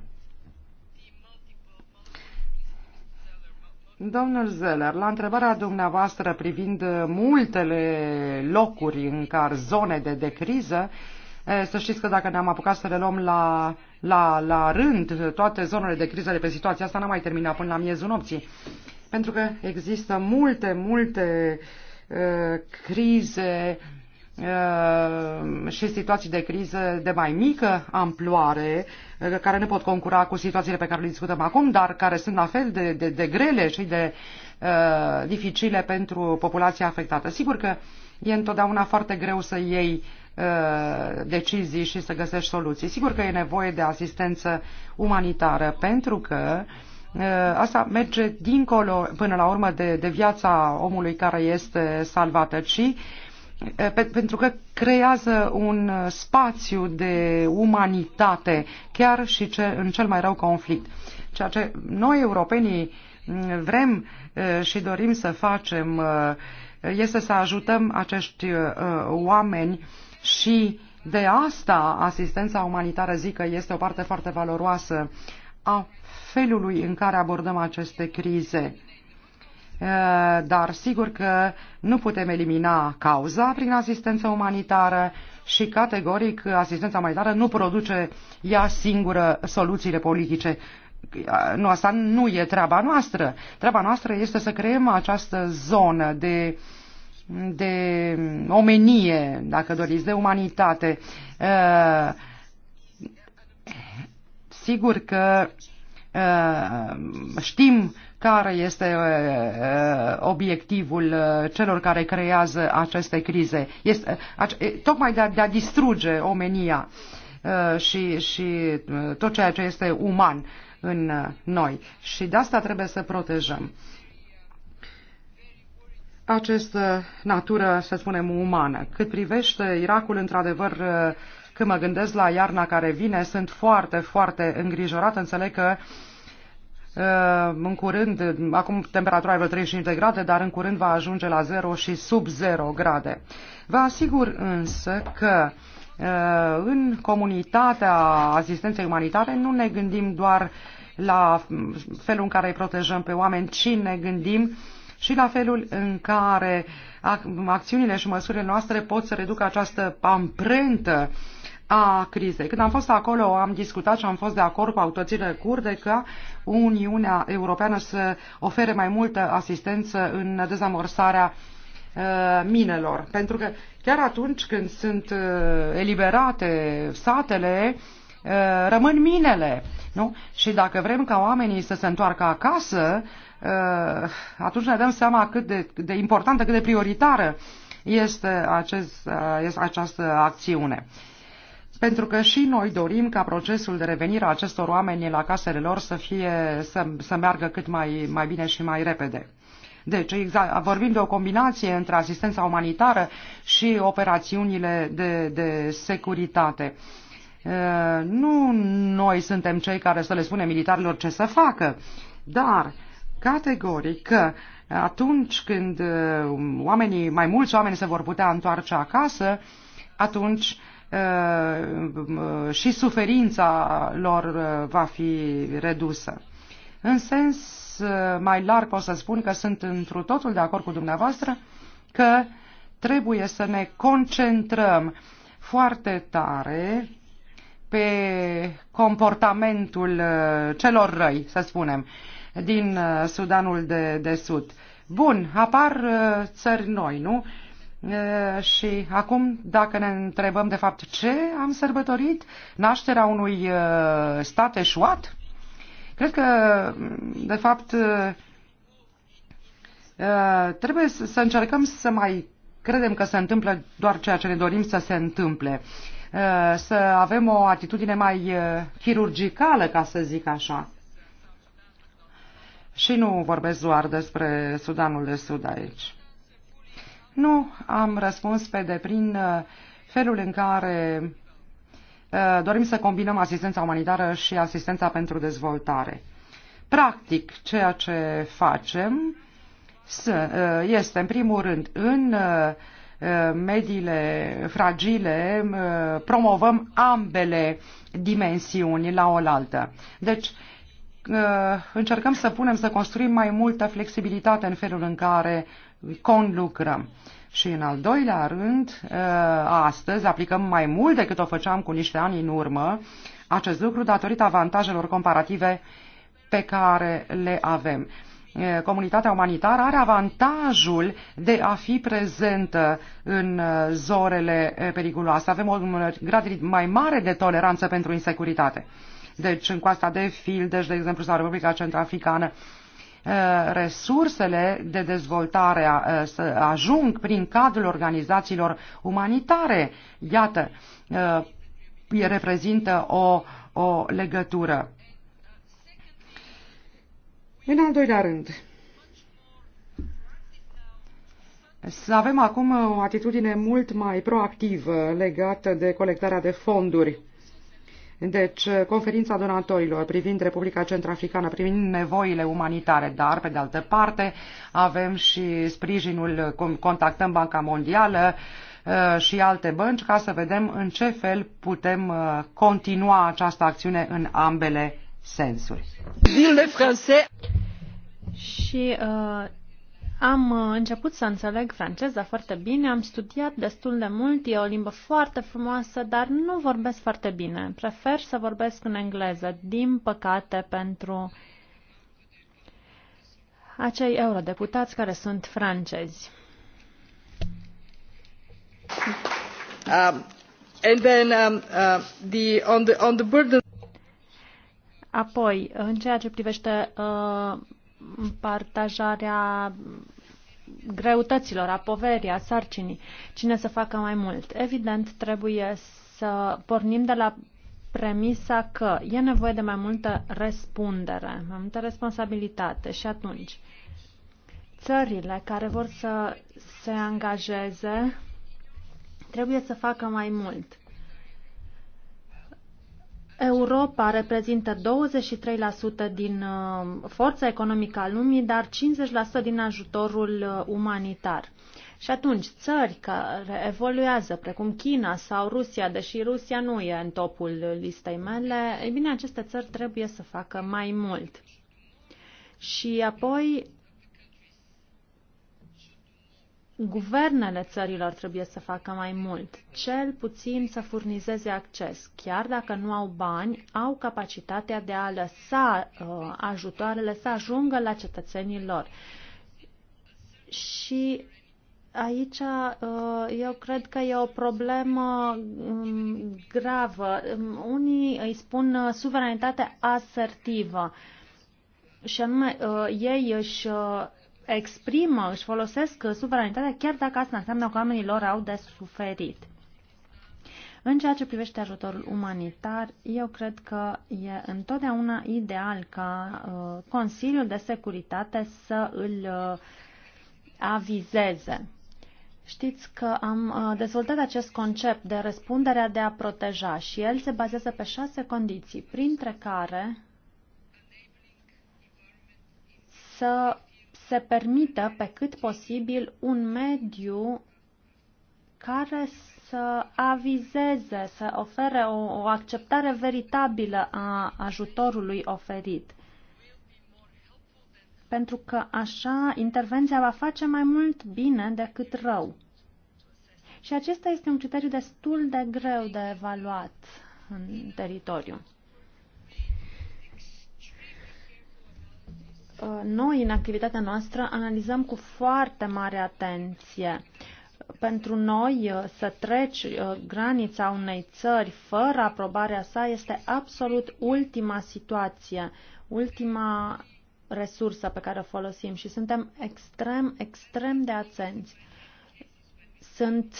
Domnul Zeller, la întrebarea dumneavoastră privind multele locuri în care zone de, de criză, să știți că dacă ne-am apucat să le luăm la, la, la rând toate zonele de criză de pe situația asta, n-am mai terminat până la miezul nopții. Pentru că există multe, multe uh, crize uh, și situații de criză de mai mică amploare, uh, care nu pot concura cu situațiile pe care le discutăm acum, dar care sunt la fel de, de, de grele și de uh, dificile pentru populația afectată. Sigur că e întotdeauna foarte greu să iei uh, decizii și să găsești soluții. Sigur că e nevoie de asistență umanitară pentru că uh, Uh, asta merge dincolo până la urmă de, de viața omului care este salvată, ci uh, pe, pentru că creează un spațiu de umanitate, chiar și ce, în cel mai rău conflict. Ceea ce noi, europenii, vrem uh, și dorim să facem este să ajutăm acești oameni și de asta asistența umanitară, zică este o parte foarte valoroasă a felului în care abordăm aceste crize. Dar sigur că nu putem elimina cauza prin asistență umanitară și categoric asistența umanitară nu produce ea singură soluțiile politice nu, asta nu e treaba noastră. Treaba noastră este să creăm această zonă de, de omenie, dacă doriți, de umanitate. Sigur că Uh, știm care este uh, uh, obiectivul celor care creează aceste crize. Este, tocmai de a, de a distruge omenia și, și tot ceea ce este uman în noi. Și de asta trebuie să protejăm această natură, să spunem, umană. Cât privește Irakul, într-adevăr, când mă gândesc la iarna care vine, sunt foarte, foarte îngrijorat. Înțeleg că uh, în curând, acum temperatura e vreo 35 de grade, dar în curând va ajunge la 0 și sub 0 grade. Vă asigur însă că uh, în comunitatea asistenței umanitare nu ne gândim doar la felul în care îi protejăm pe oameni, ci ne gândim și la felul în care acțiunile și măsurile noastre pot să reducă această amprentă a crizei. Când am fost acolo, am discutat și am fost de acord cu autoritățile curde că Uniunea Europeană să ofere mai multă asistență în dezamorsarea uh, minelor. Pentru că chiar atunci când sunt uh, eliberate satele, uh, rămân minele. Nu? Și dacă vrem ca oamenii să se întoarcă acasă, atunci ne dăm seama cât de, de importantă, cât de prioritară este acest, această acțiune pentru că și noi dorim ca procesul de revenire a acestor oameni la casele lor să, fie, să, să meargă cât mai, mai bine și mai repede. Deci exact, vorbim de o combinație între asistența umanitară și operațiunile de, de securitate. Nu noi suntem cei care să le spunem militarilor ce să facă, dar categoric că atunci când oamenii, mai mulți oameni se vor putea întoarce acasă, atunci Uh, și suferința lor uh, va fi redusă. În sens uh, mai larg pot să spun că sunt întru totul de acord cu dumneavoastră că trebuie să ne concentrăm foarte tare pe comportamentul celor răi, să spunem, din Sudanul de, de Sud. Bun, apar țări noi, nu? și acum, dacă ne întrebăm de fapt ce am sărbătorit, nașterea unui stat eșuat, cred că, de fapt, trebuie să încercăm să mai credem că se întâmplă doar ceea ce ne dorim să se întâmple. Să avem o atitudine mai chirurgicală, ca să zic așa. Și nu vorbesc doar despre Sudanul de Sud aici. Nu am răspuns pe deplin uh, felul în care uh, dorim să combinăm asistența umanitară și asistența pentru dezvoltare. Practic, ceea ce facem uh, este, în primul rând, în mediile fragile, promovăm ambele dimensiuni la oaltă. Deci, încercăm să punem, să construim mai multă flexibilitate în felul în care conlucrăm. Și în al doilea rând, ă, astăzi aplicăm mai mult decât o făceam cu niște ani în urmă, acest lucru datorită avantajelor comparative pe care le avem. Ă, comunitatea umanitară are avantajul de a fi prezentă în ă, zorele periculoase. Avem un grad mai mare de toleranță pentru insecuritate. Deci în coasta de Fildeș, de exemplu, sau Republica Centrafricană, Uh, resursele de dezvoltare uh, să ajung prin cadrul organizațiilor umanitare. Iată, uh, reprezintă o, o legătură. În al doilea rând, să avem acum o atitudine mult mai proactivă legată de colectarea de fonduri deci, eh, conferința donatorilor privind Republica Centrafricană, privind nevoile umanitare, dar, pe de altă parte, avem și sprijinul, eh, contactăm Banca Mondială eh, și alte bănci ca să vedem în ce fel putem continua această acțiune în ambele sensuri. Și uh, am uh, început să înțeleg franceza foarte bine, am studiat destul de mult, e o limbă foarte frumoasă, dar nu vorbesc foarte bine. Prefer să vorbesc în engleză, din păcate pentru acei eurodeputați care sunt francezi. Um, and then, um, uh, the, on the, on the burden... Apoi, în ceea ce privește uh, partajarea greutăților, a poverii, a sarcinii, cine să facă mai mult. Evident, trebuie să pornim de la premisa că e nevoie de mai multă răspundere, mai multă responsabilitate și atunci țările care vor să se angajeze trebuie să facă mai mult. Europa reprezintă 23% din uh, forța economică a lumii, dar 50% din ajutorul uh, umanitar. Și atunci, țări care evoluează, precum China sau Rusia, deși Rusia nu e în topul listei mele, ei bine, aceste țări trebuie să facă mai mult. Și apoi, Guvernele țărilor trebuie să facă mai mult, cel puțin să furnizeze acces. Chiar dacă nu au bani, au capacitatea de a lăsa uh, ajutoarele să ajungă la cetățenii lor. Și aici uh, eu cred că e o problemă um, gravă. Um, unii îi spun uh, suveranitate asertivă. Și anume, uh, ei își uh, exprimă, își folosesc suveranitatea, chiar dacă asta înseamnă că oamenii lor au de suferit. În ceea ce privește ajutorul umanitar, eu cred că e întotdeauna ideal ca uh, Consiliul de Securitate să îl uh, avizeze. Știți că am uh, dezvoltat acest concept de răspunderea de a proteja și el se bazează pe șase condiții, printre care să se permită pe cât posibil un mediu care să avizeze, să ofere o, o acceptare veritabilă a ajutorului oferit. Pentru că așa intervenția va face mai mult bine decât rău. Și acesta este un criteriu destul de greu de evaluat în teritoriu. Uh, noi, în activitatea noastră, analizăm cu foarte mare atenție. Pentru noi, uh, să treci uh, granița unei țări fără aprobarea sa este absolut ultima situație, ultima resursă pe care o folosim și suntem extrem, extrem de atenți sunt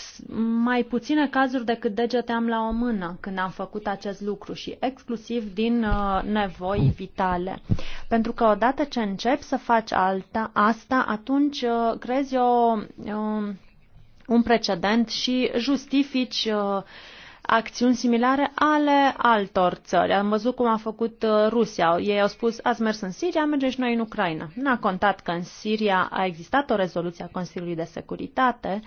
mai puține cazuri decât degete am la o mână când am făcut acest lucru și exclusiv din uh, nevoi vitale. Pentru că odată ce începi să faci alta, asta, atunci uh, crezi o, um, un precedent și justifici uh, acțiuni similare ale altor țări. Am văzut cum a făcut Rusia. Ei au spus, ați mers în Siria, mergem și noi în Ucraina. N-a contat că în Siria a existat o rezoluție a Consiliului de Securitate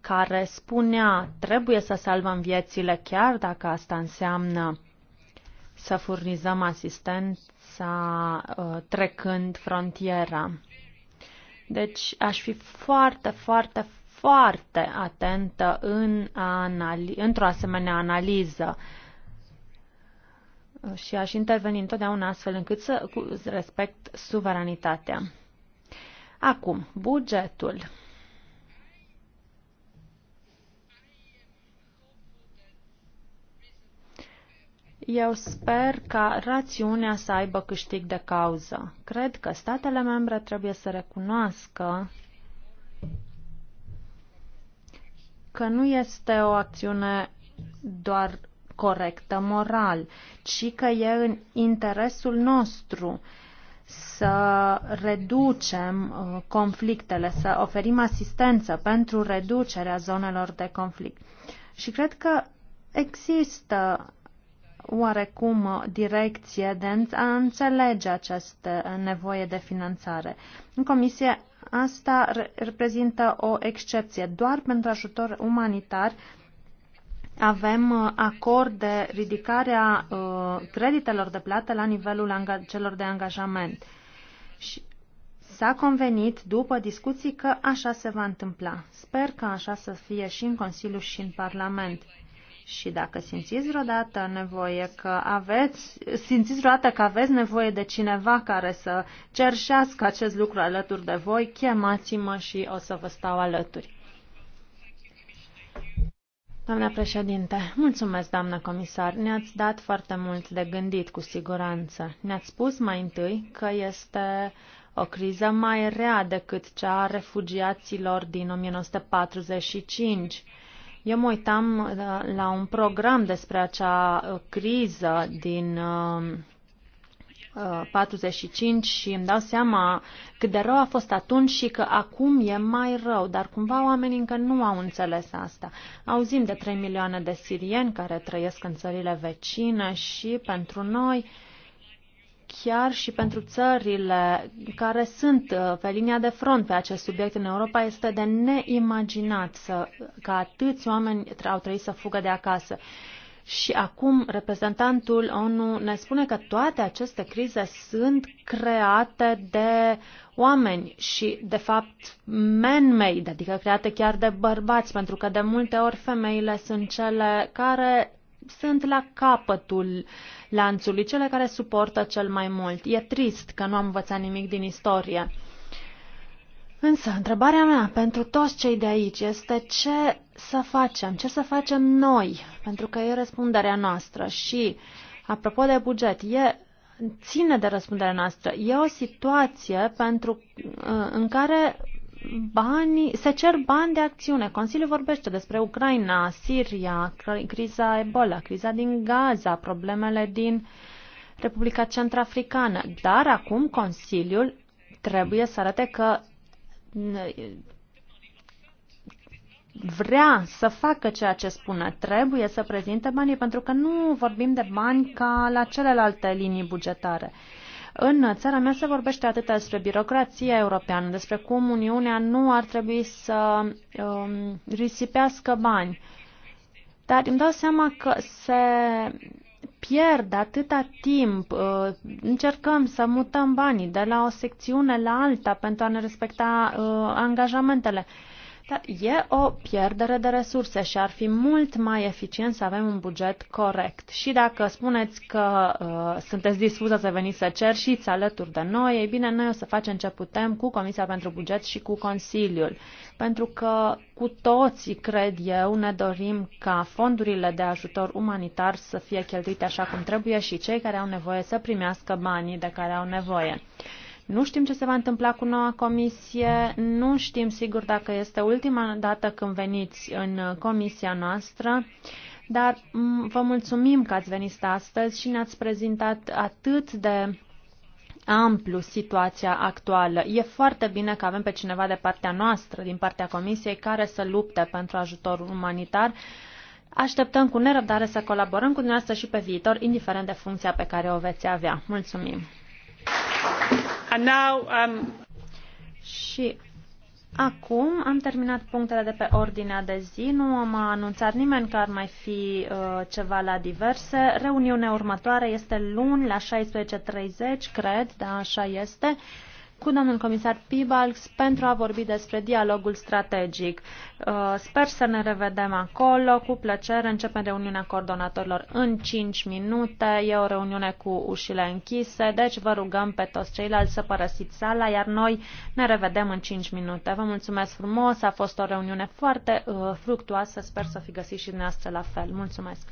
care spunea trebuie să salvăm viețile chiar dacă asta înseamnă să furnizăm asistența ă, trecând frontiera. Deci aș fi foarte, foarte, foarte atentă în anali- într-o asemenea analiză și aș interveni întotdeauna astfel încât să respect suveranitatea. Acum, bugetul. eu sper ca rațiunea să aibă câștig de cauză. Cred că statele membre trebuie să recunoască că nu este o acțiune doar corectă moral, ci că e în interesul nostru să reducem uh, conflictele, să oferim asistență pentru reducerea zonelor de conflict. Și cred că există oarecum uh, direcție de a înțelege această uh, nevoie de finanțare. În comisie asta reprezintă o excepție. Doar pentru ajutor umanitar avem uh, acord de ridicare a creditelor de plată la nivelul celor de angajament. Și s-a convenit după discuții că așa se va întâmpla. Sper că așa să fie și în Consiliu și în Parlament. Și dacă simțiți vreodată nevoie că aveți, simțiți vreodată că aveți nevoie de cineva care să cerșească acest lucru alături de voi, chemați-mă și o să vă stau alături. Doamna președinte, mulțumesc, doamna comisar. Ne-ați dat foarte mult de gândit, cu siguranță. Ne-ați spus mai întâi că este o criză mai rea decât cea a refugiaților din 1945 eu mă uitam uh, la un program despre acea uh, criză din 45 uh, și îmi dau seama cât de rău a fost atunci și că acum e mai rău, dar cumva oamenii încă nu au înțeles asta. Auzim de 3 milioane de sirieni care trăiesc în țările vecine și pentru noi uh, chiar și pentru țările care sunt uh, pe linia de front pe acest subiect în Europa, este de neimaginat să, că atâți oameni au trăit să fugă de acasă. Și acum reprezentantul ONU ne spune că toate aceste crize sunt create de oameni și, de fapt, man-made, adică create chiar de bărbați, pentru că de multe ori femeile sunt cele care sunt la capătul lanțului, cele care suportă cel mai mult. E trist că nu am învățat nimic din istorie. Însă, întrebarea mea pentru toți cei de aici este ce să facem, ce să facem noi, pentru că e răspunderea noastră și, apropo de buget, e ține de răspunderea noastră. E o situație pentru, uh, în care bani, se cer bani de acțiune. Consiliul vorbește despre Ucraina, Siria, criza Ebola, criza din Gaza, problemele din Republica Centrafricană. Dar acum Consiliul trebuie să arate că vrea să facă ceea ce spune, trebuie să prezinte banii, pentru că nu vorbim de bani ca la celelalte linii bugetare. Uh, în țara mea se vorbește atât despre birocrația europeană, despre cum Uniunea nu ar trebui să um, risipească bani. Dar îmi dau seama că se pierd atâta timp, uh, încercăm să mutăm banii de la o secțiune la alta pentru a ne respecta uh, angajamentele e o pierdere de resurse și ar fi mult mai eficient să avem un buget corect. Și dacă spuneți că uh, sunteți dispusă să veniți să cerșiți alături de noi, ei bine, noi o să facem ce putem cu Comisia pentru Buget și cu Consiliul. Pentru că cu toții, cred eu, ne dorim ca fondurile de ajutor umanitar să fie cheltuite așa cum trebuie și cei care au nevoie să primească banii de care au nevoie. Nu știm ce se va întâmpla cu noua comisie, nu știm sigur dacă este ultima dată când veniți în comisia noastră, dar vă mulțumim că ați venit astăzi și ne-ați prezentat atât de amplu situația actuală. E foarte bine că avem pe cineva de partea noastră, din partea Comisiei, care să lupte pentru ajutorul umanitar. Așteptăm cu nerăbdare să colaborăm cu dumneavoastră și pe viitor, indiferent de funcția pe care o veți avea. Mulțumim! And now, um... Și acum am terminat punctele de pe ordinea de zi. Nu am anunțat nimeni că ar mai fi uh, ceva la diverse. Reuniunea următoare este luni la 16.30, cred, da, așa este cu domnul comisar Pibalx pentru a vorbi despre dialogul strategic. Uh, sper să ne revedem acolo. Cu plăcere începem reuniunea coordonatorilor în 5 minute. E o reuniune cu ușile închise, deci vă rugăm pe toți ceilalți să părăsiți sala, iar noi ne revedem în 5 minute. Vă mulțumesc frumos, a fost o reuniune foarte uh, fructuoasă, sper să fi găsit și dumneavoastră la fel. Mulțumesc!